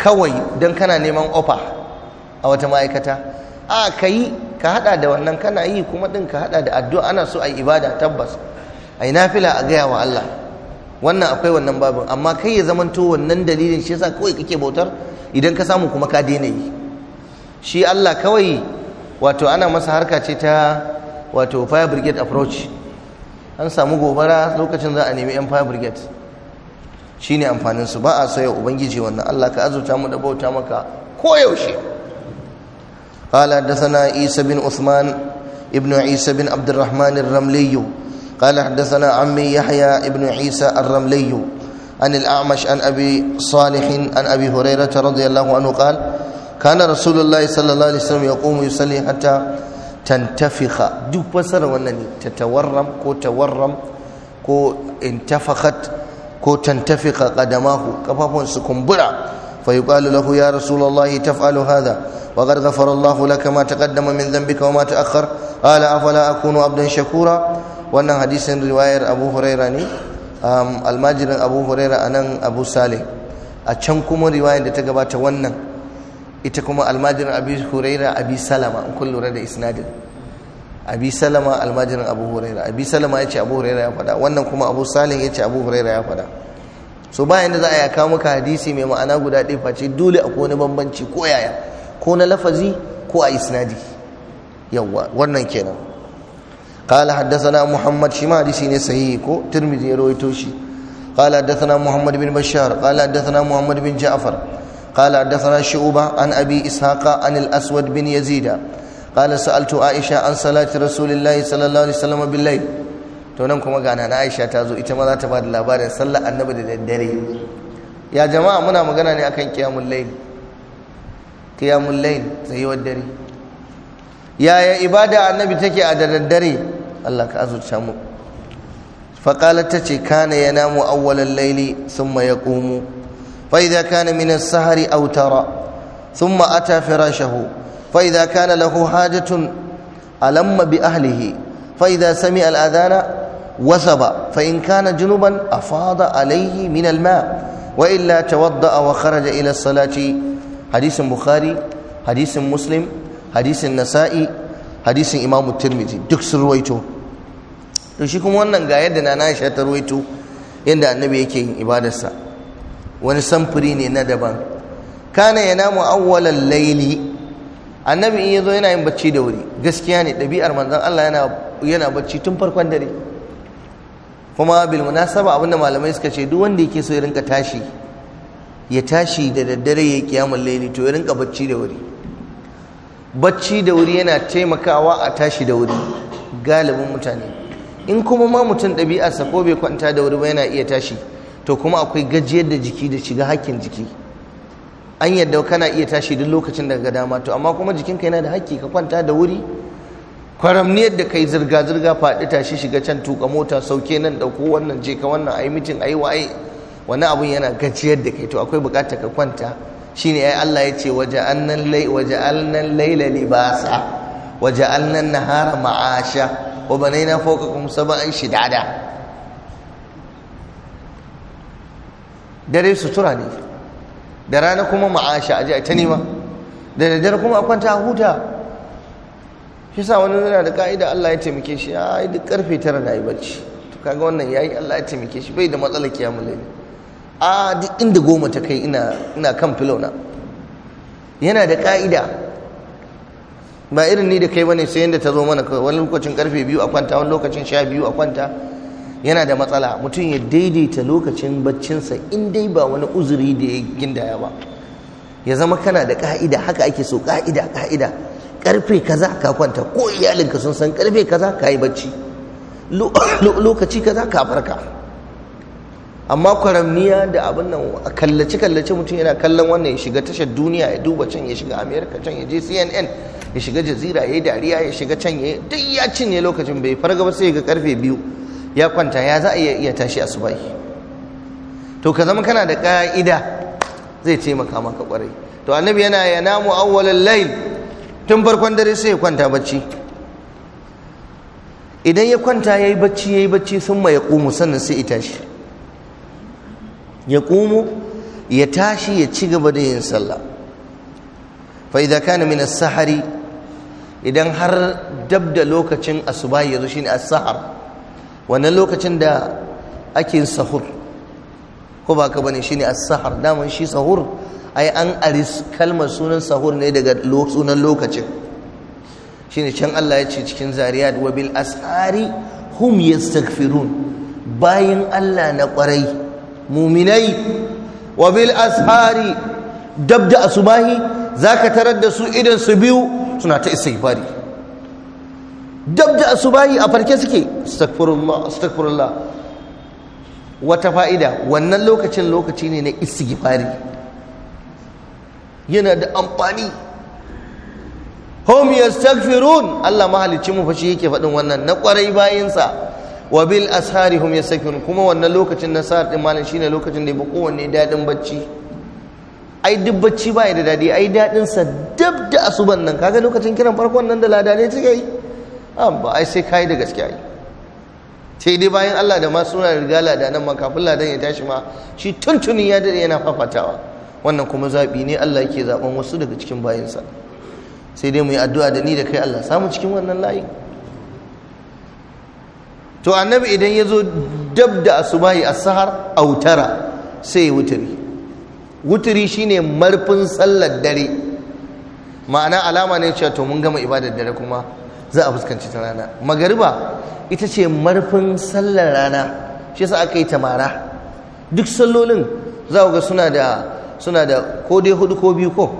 kawai don kana neman ofa a wata ma'aikata a ka yi ka hada da wannan kana yi kuma din ka hada da addu'a ana so a yi ibada tabbas a yi nafila a gaya wa Allah wannan akwai wannan babin amma kai ya zamanto wannan dalilin shi yasa kawai kake bautar idan ka samu kuma ka daina yi shi Allah kawai wato ana masa harka ce ta wato fire brigade approach an samu gobara lokacin za a nemi yan fire brigade shine amfanin su ba a sayo ubangiji wannan Allah ka azurta mu da bauta maka koyaushe قال حدثنا عيسى بن عثمان ابن عيسى بن عبد الرحمن الرملي قال حدثنا عمي يحيى ابن عيسى الرملي عن الأعمش عن أبي صالح عن أبي هريرة رضي الله عنه قال كان رسول الله صلى الله عليه وسلم يقوم يصلي حتى tantafikha duk fasarar wannan ne ta tawarram ko tawarram ko intafakhat ko tantafikha qadamahu kafafun su kumbura fa yuqalu lahu ya rasulullah taf'alu hadha wa qad ghafara Allah laka ma taqaddama min dhanbika wa ma ta'akhkhar qala afala akunu abdan shakura wannan hadisin riwayar Abu Huraira ne almajirin Abu Huraira anan Abu Salih a can kuma riwayar da ta gabata wannan ita kuma almajirin abu huraira abi salama in kun lura da isnadin abi salama almajirin abu huraira abi salama ya ce abu huraira ya faɗa wannan kuma abu salin ya ce abu huraira ya faɗa so bayan da za a yaka muka hadisi mai ma'ana guda ɗaya face dole a wani bambanci ko yaya ko na lafazi ko a isnadi yawwa wannan kenan قال حدثنا محمد شما حديثي صحيح كو ترمذي haddasa قال حدثنا محمد بن بشار قال حدثنا محمد بن جعفر قال حدثنا شعوبة عن أبي إسحاق عن الأسود بن يزيد قال سألت عائشة عن صلاة رسول الله صلى الله عليه وسلم بالليل tunan kuma gana na Aisha ta zo ita ma ta ba da labarin sallar annabi da daddare ya jama'a muna magana ne akan qiyamul layl qiyamul layl tsayuwar dare yaya ibada annabi take a da daddare Allah ka azurta mu fa qalat tace kana yanamu فإذا كان من السهر أوتر ثم أتى فراشه فإذا كان له حاجة ألم بأهله فإذا سمع الأذان وثب فإن كان جنبا أفاض عليه من الماء وإلا توضأ وخرج إلى الصلاة حديث بخاري حديث مسلم حديث النسائي حديث إمام الترمذي دك سرويته to shi kuma wannan ga yadda na Aisha ta ruwaito yadda annabi yake yin ibadarsa wani samfuri ne na daban kana ya namu awwalan laili annabi in zo yana yin bacci da wuri gaskiya ne ɗabi'ar manzon Allah yana yana bacci tun farkon dare kuma bil munasaba abinda malamai suka ce duk wanda yake so ya rinka tashi ya tashi da daddare ya kiyamul laili to ya rinka bacci da wuri bacci da wuri yana taimakawa a tashi da wuri galibin mutane in kuma ma mutum ɗabi'arsa ko bai kwanta da wuri ba yana iya tashi to kuma akwai gajiyar da jiki da shiga hakkin jiki an yadda kana iya tashi duk lokacin daga dama to amma kuma jikinka yana da hakki ka kwanta da wuri kwaramniyar da kai zirga-zirga faɗi tashi shiga can tuka mota sauke nan ɗauko wannan je ka wannan ayi mitin ayi waye wani abun yana gajiyar da kai to akwai buƙatar ka kwanta shine ai Allah ya ce waja'alnan lay waja'alnan layla libasa annan nahara ma'asha wa banaina fawqakum sab'an shidada dare sutura ne da rana kuma ma'asha aje a ta nema da dare kuma a kwanta a huta shi sa wani yana da ka'ida Allah ya taimake shi ya yi duk karfe tara na yi barci." to kaga wannan ya yi Allah ya taimake shi bai da matsalar kiyamun ne." a duk inda goma ta kai ina kan filona yana da ka'ida ba irin ni da kai bane sai yadda ta zo mana wani lokacin karfe biyu a kwanta wani lokacin sha biyu a kwanta yana da matsala mutum ya daidaita lokacin baccinsa in dai ba wani uzuri da ya gindaya ba ya zama kana da ka'ida haka ake so ka'ida ka'ida karfe kaza ka kwanta ko iyalinka sun san karfe kaza ka yi bacci lokaci kaza ka farka amma kwaramniya da abin nan a kallace kallace mutum yana kallon wannan ya shiga tashar duniya ya duba can ya shiga america can ya je cnn ya shiga jazira ya yi dariya ya shiga can ya duk ya cinye lokacin bai farga ba sai ga karfe biyu ya kwanta ya za a iya tashi subai to ka zama kana da ka'ida zai taimaka maka kwarai to annabi yana ya namu awwalal layl tun farkon dare sai ya kwanta bacci idan ya kwanta yayi bacci yi bacci sun ma ya kumu sannan sai ya tashi ya kumu ya tashi ya ci gaba da yin sallah fa idza kana min as-sahari idan har dab da lokacin asubahi yanzu shine as-sahar wannan lokacin da ake sahur ko ba ka bane shine as-sahar daman shi sahur ai an aris kalmar sunan sahur ne daga sunan lokacin shine can Allah ya ce cikin zariyat wa bil ashari hum yastaghfirun bayin Allah na kwarai muminai wa bil ashari dab da asubahi zaka tarar da su idan su biyu suna ta istighfari dab da bayi a farke suke astagfirullah wata fa'ida wannan lokacin lokaci ne na istighfari yana da amfani hum yastaghfirun Allah mahalicci mu fashi yake faɗin wannan na ƙwarai bayinsa wa bil ashari hum yastaghfirun kuma wannan lokacin na sa'ar din malam shine lokacin da ya kowanne dadin bacci ai duk bacci ba da dadi ai dadin sa dab da asuban nan kaga lokacin kiran farkon nan da ladane take yi ba ai sai kayi da gaske ai sai dai bayan Allah da ma suna riga nan ma kafin ladan ya tashi ma shi tuntuni ya dade yana fafatawa wannan kuma zabi ne Allah yake zaben wasu daga cikin bayinsa sai dai mu yi addu'a da ni da kai Allah samu cikin wannan layi to annabi idan ya zo dab da asubahi as-sahar autara sai wuturi wuturi shine marfin sallar dare ma'ana alama ne cewa to mun gama ibadar dare kuma za a fuskanci ta rana magariba ita ce marfin sallar rana shi yasa aka yi tamara duk sallolin za ga suna da suna da ko dai hudu ko biyu ko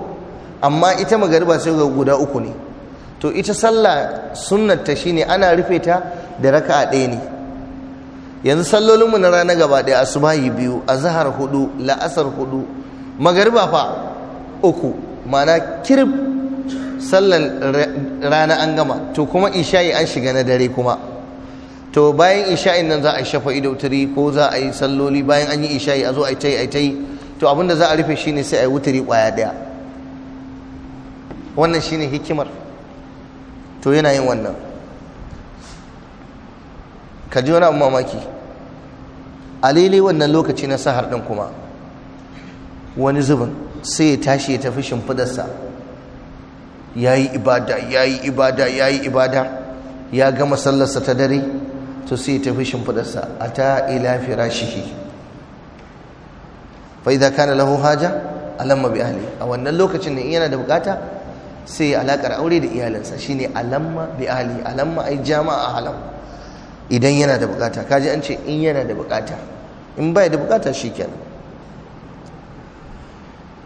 amma ita magariba sai ga guda uku ne to ita sallar sunnar ta shine ana rufe ta da raka'a ɗaya ne yanzu sallolin mu na rana gaba ɗaya asubahi biyu azhar hudu la'asar hudu magariba fa uku mana kirib sallar rana an gama to kuma isha'i an shiga na dare kuma to bayan isha'in nan za a shafa ido turi ko za a yi salloli bayan an yi isha'i a zo a ta yi a ta yi to abinda za a rufe shine sai a yi wuturi kwaya daya wannan shine hikimar to yana yin wannan ka ji wani abu mamaki a lele wannan lokaci na sahar din kuma wani zubin sai ya tashi ya tafi shimfidarsa yayi ibada yayi ibada yayi ibada ya gama sallarsa ta dare to sai ya tafi shimfidarsa ta ila firashihi fa idza kana lahu haja alamma bi ahli a wannan lokacin ne yana da bukata sai alakar aure da iyalinsa shine alamma bi ahli alamma ai jama'a halam idan yana da bukata kaji an ce in yana da bukata in bai da bukata shikenan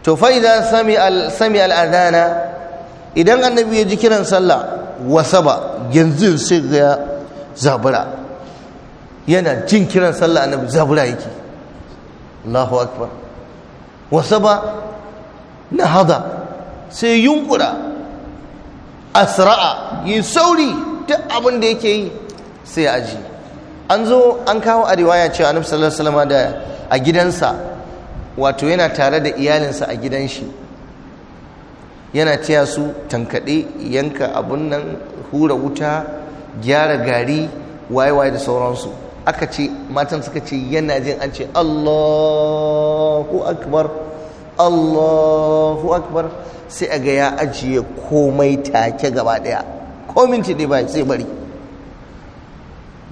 to fa idza sami al sami al adana idan annabi ya ji kiran sallah wasaba yanzu sai ga zabura yana jin kiran sallah annabi zabura yake Allahu akbar wasaba hada sai yunkura asra'a yi sauri duk abin da yake yi sai aji an zo an kawo a riwaya cewa annabi sallallahu alaihi wasallam da a gidansa wato yana tare da iyalinsa a gidan shi yana ciya su tankaɗe yanka abun nan hura wuta gyara gari waye-waye da sauransu aka ce matan suka ce yana jin an ce allahu akbar allahu akbar sai a ga ya ajiye komai take gaba ɗaya kominci ce bai sai bari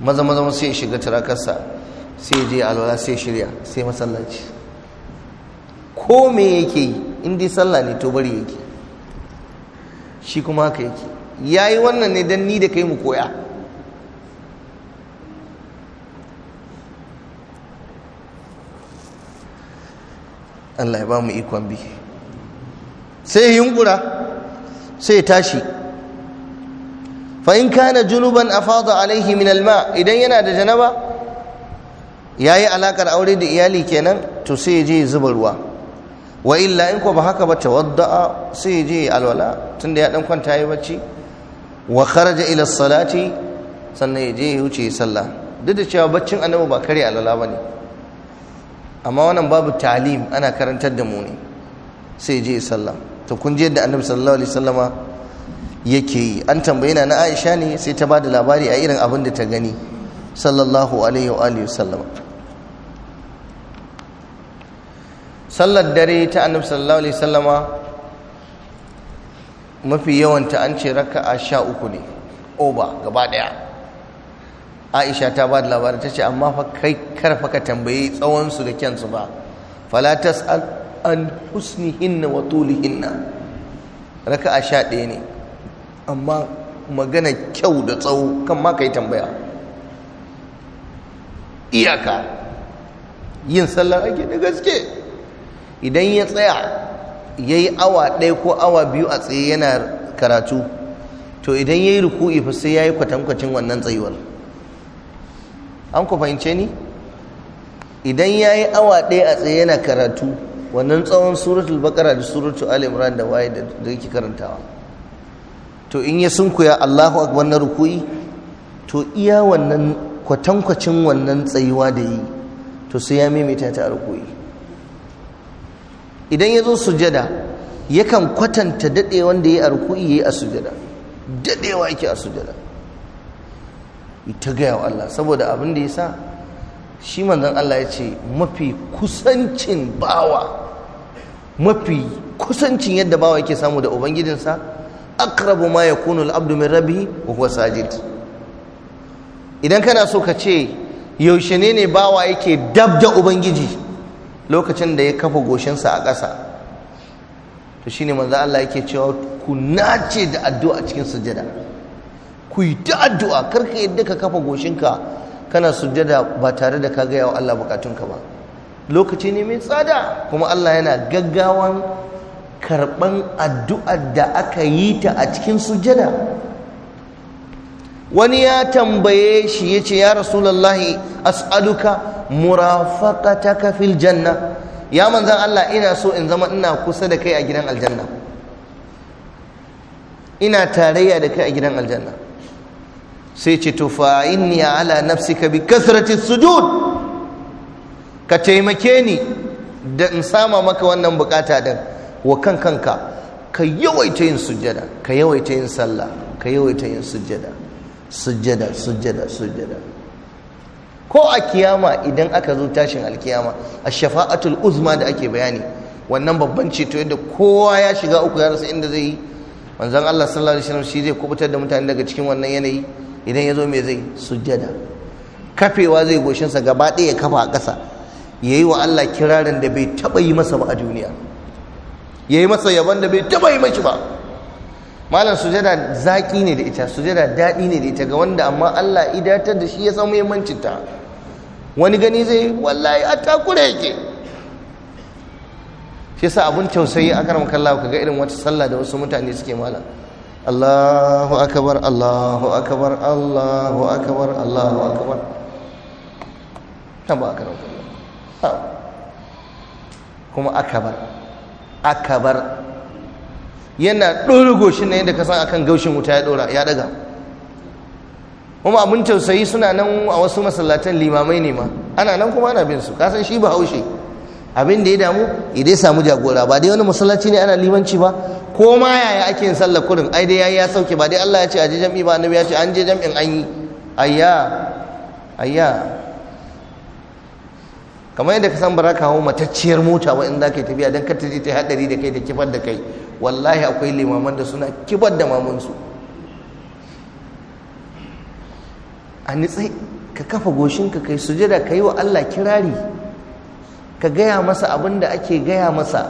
maza maza sai ya shiga turakarsa sai je alwala sai shirya sai masallaci ko me yake yi in dai sallah ne to bari yake shi kuma haka yake ya yi wannan ne don ni da kai mu koya Allah ya ba mu ikon bi sai yunkura sai ya tashi fa na kana junuban afada alaihi min alma idan yana da janaba yi alaƙar aure da iyali kenan to sai ya je zuba ruwa wa illa in ko ba haka ba tawadda'a sai je alwala tunda ya dan kwanta yi bacci wa kharaja ila salati sannan ya je ya wuce sallah duk da cewa baccin annabi ba kare alwala bane amma wannan babu talim ana karantar da mu ne sai je sallah to kun je da annabi sallallahu alaihi wasallama yake yi an tambaye na Aisha ne sai ta ba da labari a irin abin da ta gani sallallahu alaihi wa alihi wasallama sallar dare ta annabi sallallahu alaihi sallama mafi yawanta an ce raka'a sha uku ne oba gaba daya aisha ta ba da labari ta ce amma fa kai karfa ka tambayi tsawonsu da kyansu ba Falatas 'An an husnihinna wa tulihinna raka'a sha ɗaya ne amma magana kyau da tsawo kan ma ka yi tambaya iyaka yin sallar ake da gaske idan ya tsaya ya yi awa ɗaya ko awa biyu a tsaye yana karatu to idan ya yi ruku fa sai ya yi kwatankwacin wannan tsayuwar an ku fahimce ni idan ya yi awa ɗaya a tsaye yana karatu wannan tsawon suratul bakara da suratul al-imran da waye da yake karantawa to in ya sunkuya Allahu akbar na ruku'i to iya wannan kwatankwacin wannan tsayuwa da yi to sai ya maimaita ta a ruku'i idan ya zo sujada yakan kwatanta daɗe wanda ya yi a ya yi a sujada daɗewa yake a sujada ita gaya wa Allah saboda abin da ya sa shi manzan Allah ya ce mafi kusancin bawa mafi kusancin yadda bawa yake samu da ubangijinsa akrabu ma ya al al'abdu min rabi wa huwa sajid idan kana so ka ce yaushe ne ne bawa yake dab da ubangiji lokacin da ya kafa goshinsa a ƙasa to shi ne maza Allah yake cewa ku nace da addu'a cikin sujada ku yi ta addu'a karka yadda ka kafa goshinka kana sujada ba tare da ka gaya wa Allah bukatunka ba lokaci ne mai tsada kuma Allah yana gaggawan karɓan addu'ar da aka yi ta a cikin sujada wani ya tambaye shi ya ce ya rasulallahi as'aluka murafaqataka fil janna ya manzan Allah ina so in zama ina kusa da kai a gidan aljanna ina tarayya da kai a gidan aljanna sai ce to fa inni ala nafsika bi kasrati sujud ka taimake ni da in sama maka wannan bukata din wa kan kanka ka yawaita yin sujjada ka yawaita yin sallah ka yawaita yin sujjada sujjada sujjada sujjada ko a kiyama idan aka zo tashin alkiyama a shafa'atul uzma da ake bayani wannan babban ceto yadda kowa ya shiga uku ya rasa inda zai yi Wanzan Allah sallallahu alaihi wasallam shi zai kubutar da mutane daga cikin wannan yanayi idan ya zo me zai sujjada kafewa zai goshinsa gaba ɗaya ya kafa a ƙasa ya yi wa Allah kirarin da bai taɓa yi masa ba a duniya ya yi masa yaban da bai taɓa yi mashi ba malam sujada zaki ne da ita sujada daɗi ne da ita ga wanda amma Allah idatar da shi ya san muhimmancin ta wani gani zai wallahi a takura yake shi yasa abun tausayi a karam kallahu ga irin wata sallah da wasu mutane suke malam Allahu akabar Allahu akabar Allahu akabar Allahu akabar tamba akaram kuma akabar akabar yana ɗori goshin na yadda ka san akan gaushin wuta ya ɗora ya ɗaga kuma abin tausayi suna nan a wasu masallatan limamai ne ma ana nan kuma ana bin su kasan shi ba haushe abin da ya damu idai samu jagora ba dai wani masallaci ne ana limanci ba ko ma yaya ake yin sallar kurin ai dai yayi ya sauke ba dai Allah ya ce a je jam'i ba annabi ya ce an je jam'in an yi ayya ayya kamar yadda ka san baraka hawo matacciyar mota wa in za ka tafiya don ka ta je ta hadari da kai da kifar da kai wallahi akwai limaman da suna kibar da mamansu a nitsai ka kafa goshinka kai sujada ka yi wa Allah kirari ka gaya masa abin da ake gaya masa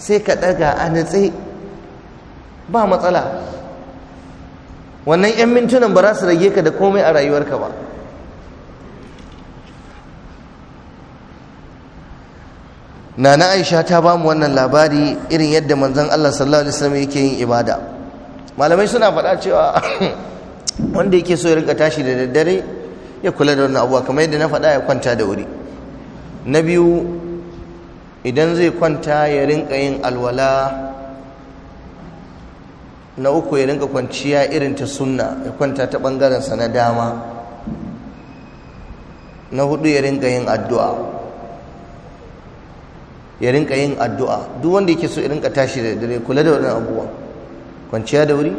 sai ka ɗaga a nitsai ba matsala wannan 'yan mintunan ba za su rage ka da komai a rayuwarka ba nana aisha ta bamu wannan labari irin yadda manzon Allah sallallahu alaihi wasallam yake yin ibada malamai suna faɗa cewa wanda yake so ya rika tashi da daddare ya kula da wannan abuwa kamar yadda na faɗa ya kwanta da wuri na biyu idan zai kwanta ya rinka yin alwala na uku ya rinka kwanciya irin ta sunna ya kwanta ta sa na dama na hudu ya rinka yin addu'a ya rinka yin addu'a duk wanda yake so ya rinka tashi da dare kula da wani abubuwa kwanciya da wuri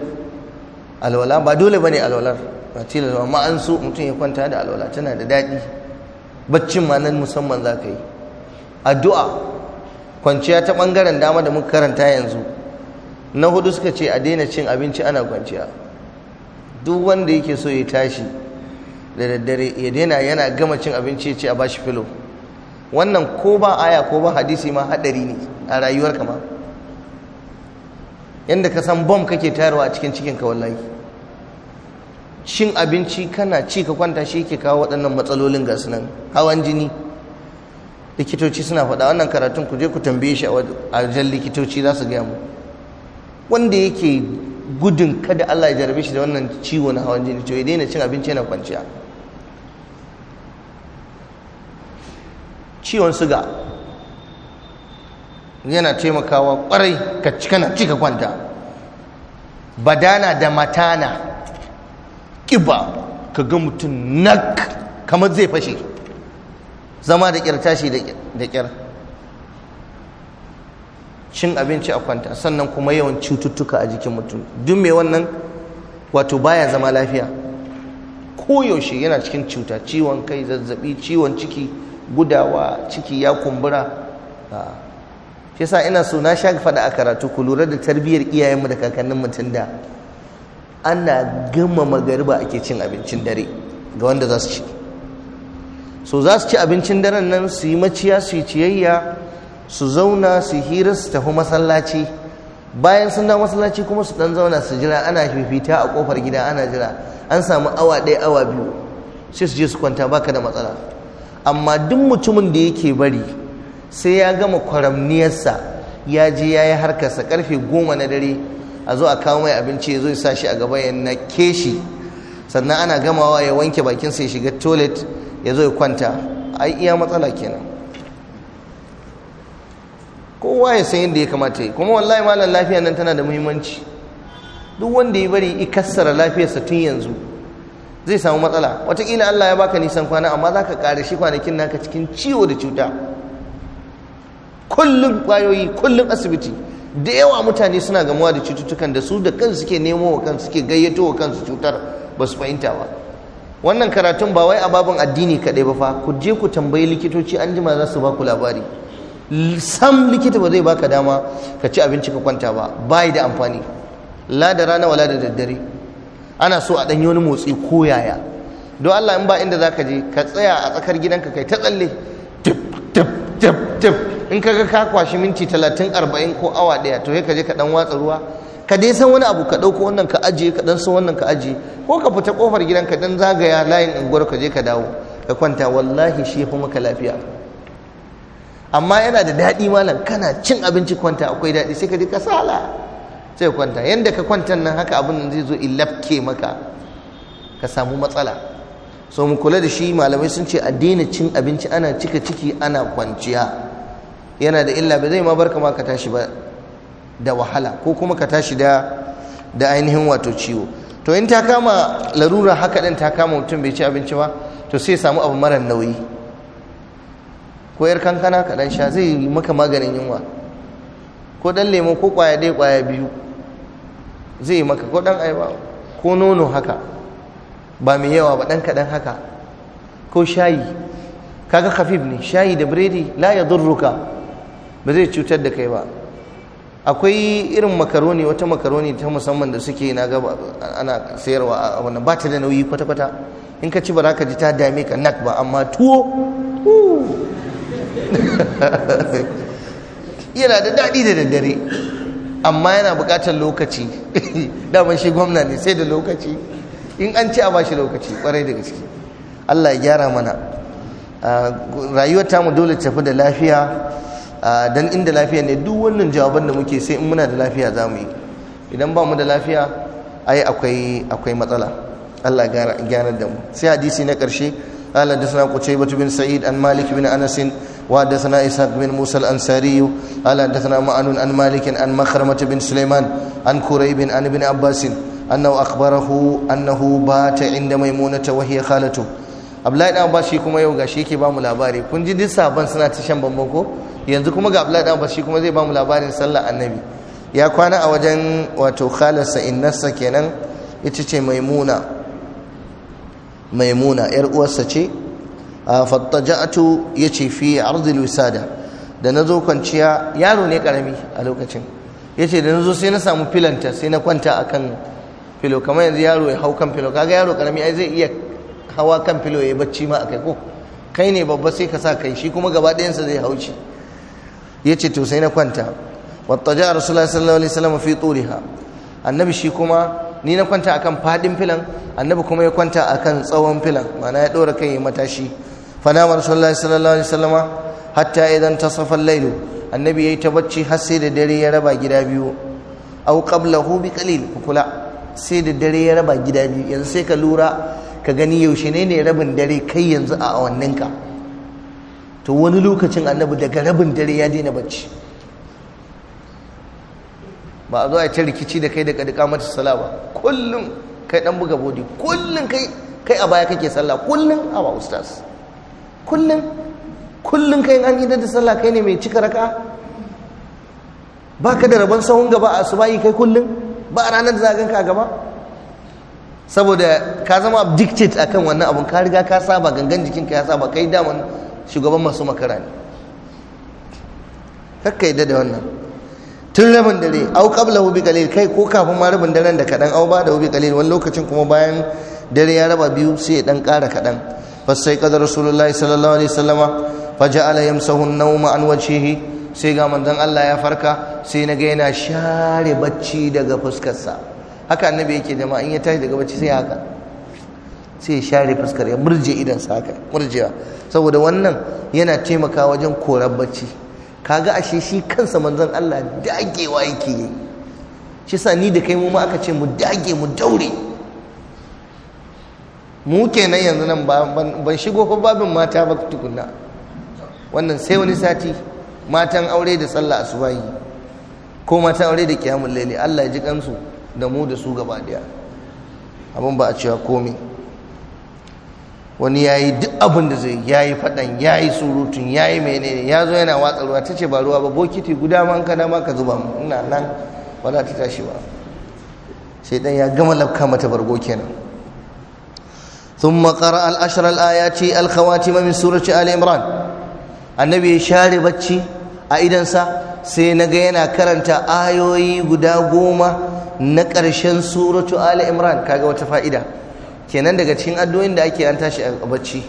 alwala ba dole ne alwalar ba da amma an so mutum ya kwanta da alwala tana da daɗi baccin ma nan musamman za ka yi addu'a kwanciya ta ɓangaren dama da muka karanta yanzu na hudu suka ce a daina cin abinci ana kwanciya duk wanda yake so ya tashi da daddare ya daina yana gama cin abinci ya ce a bashi filo wannan ko ba aya ko ba hadisi ma hadari ne a rayuwar ma yadda ka san bom kake tayarwa a cikin cikinka wallahi cin abinci kana ci ka kwanta shi ke kawo waɗannan matsalolin ga nan hawan jini likitoci suna faɗa wannan karatun ku je ku tambaye shi a wajen likitoci za su gaya mu wanda yake gudun kada Allah ya jarabe shi da wannan ciwo na hawan jini to ya daina cin abinci yana kwanciya ciwon suga yana taimakawa kwarai ka kana cika kwanta badana da matana kiba ka ga mutum nak kamar zai fashe zama da kyar tashi da kyar. cin abinci a kwanta sannan kuma yawan cututtuka a jikin mutum duk mai wannan wato baya zama lafiya koyaushe yana cikin cuta ciwon kai zazzabi ciwon ciki gudawa ciki ya kumbura ah. shi yasa ina so na sha faɗa a karatu ku lura da tarbiyyar iyayenmu da kakannin tun da ana gama magariba ake cin abincin dare ga wanda za su ci so za su ci abincin daren nan su yi maciya su yi ciyayya su zauna su hira su tafi masallaci bayan sun dawo masallaci kuma su dan zauna su jira ana fifita a kofar gida ana jira an samu awa ɗaya awa biyu sai su je su kwanta baka da matsala amma duk mutumin da yake bari sai ya gama kwaramniyarsa ya je ya yi harkarsa karfe goma na dare a zo a kawo mai abinci ya zo ya sa shi a gaba ya na shi sannan ana gamawa ya wanke bakinsa ya shiga toilet ya zo ya kwanta ai iya matsala kenan kowa ya san yadda ya kamata yi kuma wallahi malam lafiya nan tana da muhimmanci duk wanda ya bari i kassara lafiyarsa tun yanzu zai samu matsala watakila Allah ya baka nisan kwana amma za ka ƙare shi kwanakin naka cikin ciwo da cuta kullum ƙwayoyi kullum asibiti da yawa mutane suna gamuwa da cututtukan da su da kansu suke nemo wa kansu suke gayyato wa kansu cutar ba su fahimta ba wannan karatun ba wai ababen addini kaɗai ba fa ku je ku tambayi likitoci an jima za su ba ku labari sam likita ba zai baka dama ka ci abinci ka kwanta ba bai da amfani la da rana wala da daddare ana so a ɗanyi wani motsi ko yaya, don Allah in ba inda za ka je ka tsaya a tsakar gidanka kai ta tsalle tip tip tip tip in ka ga ka kwashi minti talatin arba'in ko awa ɗaya to ya ka je ka ɗan watsa ruwa ka dai san wani abu ka ɗauko wannan ka ajiye ka ɗan san wannan ka ajiye ko ka fita ƙofar gidanka ɗan zagaya layin unguwar ka je ka dawo ka kwanta wallahi shi fi maka lafiya amma yana da daɗi malam kana cin abinci kwanta akwai daɗi sai ka ka kasala sai kwanta yadda ka kwanta nan haka abin zai zo ilafke maka ka samu matsala so mu kula da shi malamai sun ce a daina cin abinci ana cika ciki ana kwanciya yana da illa ba zai ma barka ma ka tashi ba da wahala ko kuma ka tashi da da ainihin wato ciwo to in ta kama larura haka din ta kama mutum bai ci abinci ba to sai samu abu mara nauyi ko yar kankana kaɗan sha zai maka maganin yunwa ko ɗan lemo ko ƙwaya ɗaya ƙwaya biyu zai maka ko dan aiwa ko nono haka ba mai yawa ba dan kadan haka ko shayi kaga khafif ne shayi da biredi la durruka ba zai cutar da kai ba akwai irin makaroni wata makaroni ta musamman da suke na gaba ana sayarwa a wannan ba ta da nauyi kwata-kwata in ka ci ba za ka ji ta dame ka nak ba amma tuwo yana da daɗi da daddare amma yana buƙatar lokaci daman shi gwamna ne sai da lokaci in an ci a ba shi lokaci kwarai da gaske Allah ya gyara mana rayuwar tamu dole tafi da lafiya Don inda lafiya ne duk wannan jawaban da muke sai in muna da lafiya za mu yi idan ba mu da lafiya ai akwai matsala Allah gyara da mu sai hadisi na ƙarshe suna kuce batu bin said, an malik bin anasin. وحدثنا إسحاق بن موسى الأنصاري قال حدثنا معن عن مالك عن مخرمة بن سليمان عن كريب عن ابن عباس أنه أخبره أنه بات عند ميمونة وهي خالته Abdullahi dan Abbas shi kuma yau gashi yake bamu labari kun ji duk sabon suna ta shan bambam ko yanzu kuma ga Abdullahi dan Abbas shi kuma zai bamu labarin sallar Annabi ya kwana a wajen wato khalarsa innarsa kenan ita ce Maimuna Maimuna yar uwarsa ce fattaja'tu yace fi ardil wisada da nazo kwanciya yaro ne karami a lokacin yace da nazo sai na samu filanta sai na kwanta akan filo kamar yanzu yaro ya hau kan filo kaga yaro karami ai zai iya hawa kan filo ya bacci ma akai ko kai ne babba sai ka sa kai shi kuma gaba ɗayansa zai hauci yace to sai na kwanta wattaja rasulullahi sallallahu alaihi wasallam fi turiha annabi shi kuma ni na kwanta akan fadin filan annabi kuma ya kwanta akan tsawon filan ma'ana ya dora kai matashi فنام رسول الله صلى الله عليه وسلم حتى إذا انتصف الليل النبي يتبتشي حسيد دري يربا جدابيو أو قبله بقليل كلا سيد دري يربا جدابيو ينسيك لورا كغني يوشنين يربن دري كي ينزع أواننك to wani lokacin annabi daga rabin dare ya daina bacci ba a zo a ci rikici da kai daga kadika mata sallah ba kullum kai dan buga bodi kullum kai kai a baya kake sallah kullum a ba ustaz kullum kullum kai an idar da sallah kai ne mai cika raka ba ka da rabon sahun gaba a subayi kai kullum ba a ranar da za ganka gaba saboda ka zama addicted kan wannan abun ka riga ka saba gangan jikinka ya saba kai daman shugaban masu makara ne kakka yadda da wannan tun rabin dare au qabla hubi kalil kai ko kafin ma rabin daren da kadan au ba da hubi kalil wani lokacin kuma bayan dare ya raba biyu sai ya dan kara kadan فاستيقظ رسول الله صلى الله عليه وسلم فجعل يمسه النوم عن وجهه sai ga manzon Allah ya farka sai na ga yana share bacci daga fuskarsa haka annabi yake jama'a in ya tashi daga bacci sai haka sai ya share fuskar ya murje idan sa haka murjewa saboda wannan yana taimaka wajen korar bacci kaga ashe shi kansa manzon Allah dagewa yake yi shi sa ni da kai mu ma aka ce mu dage mu daure mu kenan yanzu nan ban shigo ko babin mata ba tukunna wannan sai wani sati matan aure da sallah asubahi ko matan aure da kiyamul laili Allah ya ji kansu da mu da su gaba daya abin ba a cewa komai wani yayi duk abin da zai yayi fadan yayi surutun yayi menene ya zo yana watsa ruwa tace ba ruwa ba bokiti guda man ka dama ka zuba ina nan ba za ta tashi ba sai dan ya gama lafka mata bargo kenan ثم قرأ العشر الآيات الخواتم من سورة آل عمران النبي شاري بچي أيضا سا سينغينا كرنت آيوي قدا قوما نكرشن سورة آل عمران wata وتفائدة kenan daga cikin addu'o'in da ake an tashi a bacci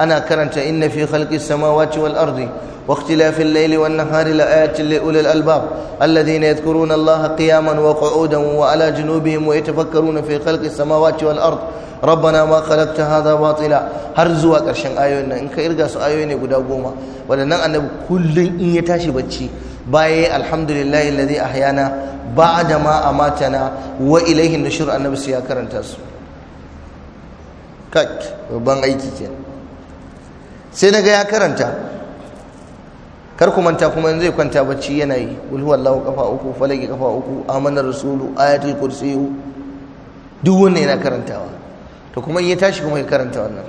ana karanta inna fi khalqis samawati wal ardi wa ikhtilafil layli wan nahari la ayatin li ulil albab alladhina yadhkuruna allaha qiyaman wa qu'udan wa ala junubihim wa yatafakkaruna fi khalqis samawati wal ardi rabbana ma khalaqta hadha batila har zuwa ƙarshen ayoyin nan in ka irga su ayoyi ne guda goma wadannan annabi kullun in ya tashi bacci baya alhamdulillahi alladhi ahyana ba'da ma amatana wa ilayhi nushur annabi sai ya karanta su kak babban aiki ke sai naga ya karanta kar ku manta kuma yanzu zai kwanta bacci yana yi qul huwallahu kafa uku falaki kafa uku amanar rasulu ayatul kursiyu duk wannan yana karantawa to kuma in ya tashi kuma ya karanta wannan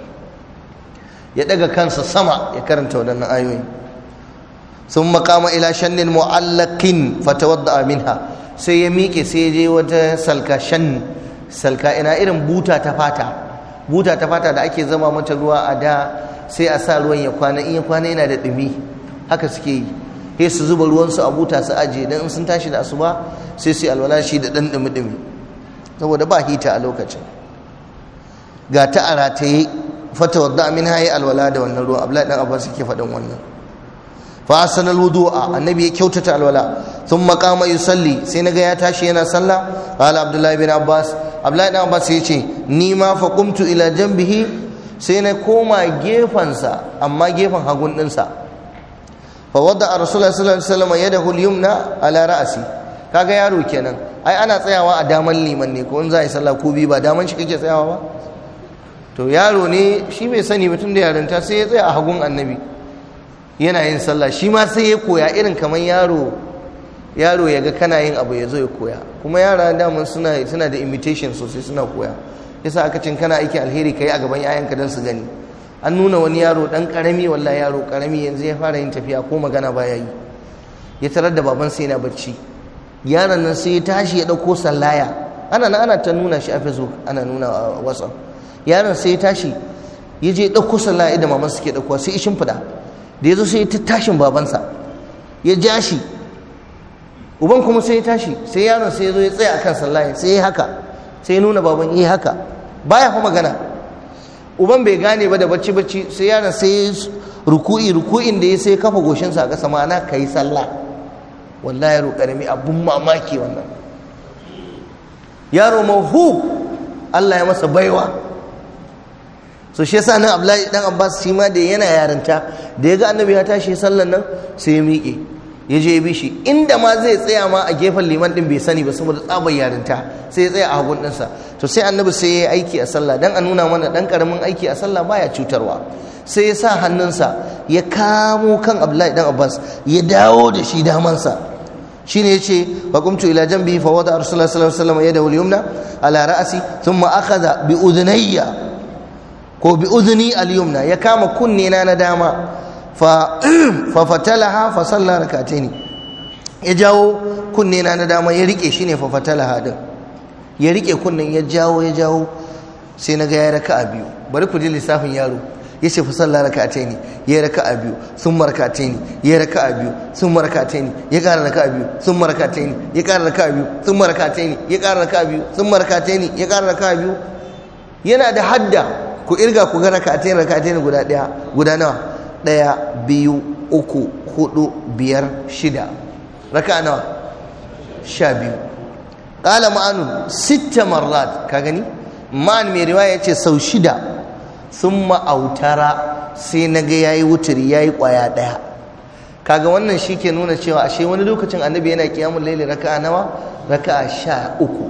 ya daga kansa sama ya karanta wannan ayoyi sun makama ila shannin mu'allakin fatawadda minha sai ya miƙe sai ya je wata salka shan salka ina irin buta ta fata buta ta fata da ake zama mata ruwa a da sai a sa ruwan ya kwana in kwana yana da ɗumi haka suke yi sai su zuba ruwansu a buta su ajiye don in sun tashi da asuba sai su alwala shi da ɗan ɗumi-ɗumi saboda ba hita a lokacin ga ta a rataye fata wadda amin haye alwala da wannan ruwan abdullahi dan abbas suke faɗin wannan fa asana alwudu'a annabi ya kyautata alwala thumma qama yusalli sai na naga ya tashi yana sallah qala abdullahi bin abbas abdullahi dan abbas ya ce ni ma fa qumtu ila janbihi sai na koma gefansa amma gefen hagun ɗinsa. fa wada rasulullahi sallallahu alaihi wasallam yadahu hul yumna ala ra'si kaga yaro kenan ai ana tsayawa a daman liman ne ko in za a yi sallah ko bi ba daman shi kake tsayawa ba to yaro ne shi bai sani mutum da yarinta sai ya tsaya a hagun annabi yana yin sallah shi ma sai ya koya irin kamar yaro yaro ya ga kana yin abu ya zo ya koya kuma yara daman suna da imitation sosai suna koya yasa aka cin kana aiki alheri kai a gaban yayanka dan su gani an nuna wani yaro dan karami wallahi yaro karami yanzu ya fara yin tafiya ko magana baya yi ya tarar da baban sai yana bacci yaron nan sai ya tashi ya dauko sallaya ana ana ta nuna shi a facebook ana nuna a whatsapp yaron sai ya tashi ya je ɗauko sallah idan maman suke ɗaukowa sai ya shimfiɗa da ya zo sai ya ta tashin babansa ya ja shi uban kuma sai ya tashi sai yaron sai ya zo ya tsaya akan sallah sai ya haka sai ya nuna baban ya haka baya fa magana uban bai gane ba da bacci bacci sai yaron sai ya ruku'i ruku'in da ya sai kafa goshinsa a ƙasa ma'ana ka yi sallah wallahi yaro ƙarami abun mamaki wannan yaro mahu Allah ya masa baiwa so shi yasa nan Abdullahi dan Abbas shi ma da yana yarinta da ya ga annabi ya tashi sallan nan sai ya miƙe ya je ya bi shi inda ma zai tsaya ma a gefen liman din bai sani ba saboda tsabar yarinta sai ya tsaya a hagun ɗinsa to sai annabi sai ya yi aiki a sallah dan a nuna mana dan karamin aiki a sallah baya cutarwa sai ya sa hannunsa ya kamo kan Abdullahi dan Abbas ya dawo da shi damansa shine ce wa kumtu ila janbi fa wada rasulullahi sallallahu alaihi wasallam yadahu al-yumna ala ra'si thumma akhadha bi udhnayya ko bi uzuni al-yumna ya kama kunne na na dama fa fa fatalaha fa salla rak'ataini ya jawo kunne na na dama ya rike shi ne fa fatalaha din ya rike kunnen ya jawo ya jawo sai na ga ya a biyu bari ku ji lissafin yaro ya ce fa salla ne ya a biyu sun marakatai ya ya a biyu sun marakatai ya ya ƙara a biyu sun marakatai ya ya ƙara a biyu sun marakatai ya ya ƙara a biyu sun marakatai ya ya ƙara a biyu yana da hadda ku irga ku ga raka'atayn raka'atayn guda daya guda nawa daya biyu uku hudu biyar shida Raka nawa sha biyu ƙala ma'anu sitta marrat ka gani ma'an mai riwaya ce sau shida sun ma'autara sai na ga ya yayi wuturi yi ƙwaya ɗaya. kaga wannan shi ke nuna cewa ashe wani lokacin annabi yana kiyamun laili raka nawa Raka sha uku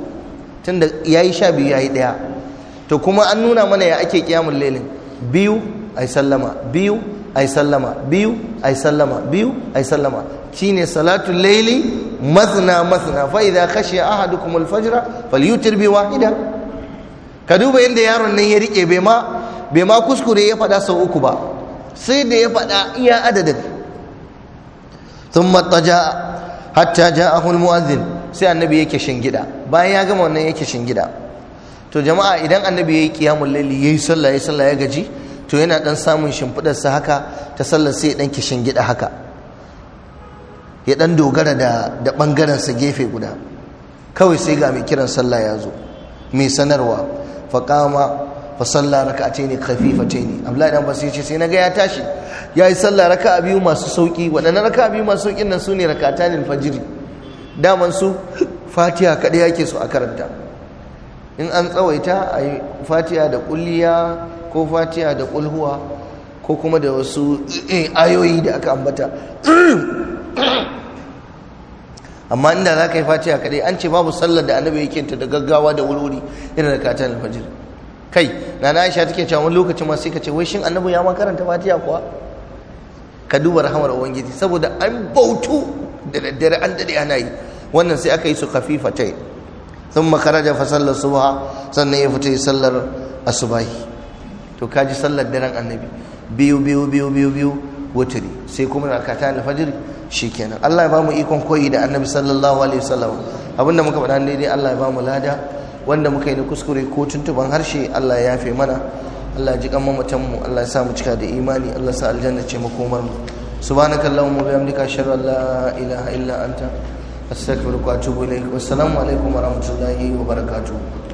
tunda ya yi sha biyu ya yi ɗaya to kuma an nuna mana ya ake kiyamun lailin biyu ai sallama biyu ai sallama biyu ai sallama biyu ai sallama shine salatu laili mazna mazna fa idza khashiya ahadukum al falyutir bi wahida ka duba yadda yaron nan ya rike bai ma kuskure ya faɗa sau uku ba sai da ya faɗa iya adadin thumma taja hatta ja'ahu al sai annabi yake shingida bayan ya gama wannan yake gida. to jama'a idan annabi yayi laili ya yayi sallah yayi sallah ya gaji to yana dan samun shimfidar sa haka ta sallar sai dan kishin gida haka ya dan dogara da da bangaren sa gefe guda kawai sai ga mai kiran sallah ya zo mai sanarwa fa qama fa salla raka'ataini khafifataini Abdullahi dan Basir ce sai naga ya tashi ya yi sallah raka'a biyu masu sauki wadannan raka'a biyu masu saukin nan sune raka'atanil fajr daman su Fatiha kadai yake so a karanta in an tsawaita a yi fatiya da kulliya ko Fatiya da kulhuwa ko kuma da wasu eh, ayoyi da aka ambata amma inda za ka yi fatiya kadai an ce babu sallar da annabi yake ta da gaggawa da wuri irin da katan alfajir kai na na aisha take cewa wani lokaci ma sai ka ce wai shin annabi ya ma karanta fatiya kuwa ka duba rahamar ubangiji saboda an bautu da daddare an dade ana yi wannan sai aka yi su kafifatai sun makaraja fa sallar subha sannan ya fita sallar asubahi to kaji sallar daren annabi biyu biyu biyu biyu biyu wuturi sai kuma rakata na fajir shikenan Allah ya bamu ikon koyi da annabi sallallahu alaihi wasallam abinda muka faɗa daidai dai Allah ya bamu lada wanda muka yi na kuskure ko tuntuban harshe Allah ya yafe mana Allah ya ji kan mamatan mu Allah ya sa mu cika da imani Allah ya sa aljanna ce makomar mu subhanakallahumma wa bihamdika ashhadu la ilaha illa anta अस्सलाम वालेकुम वरहमतुल्लाहि वबरकातुहू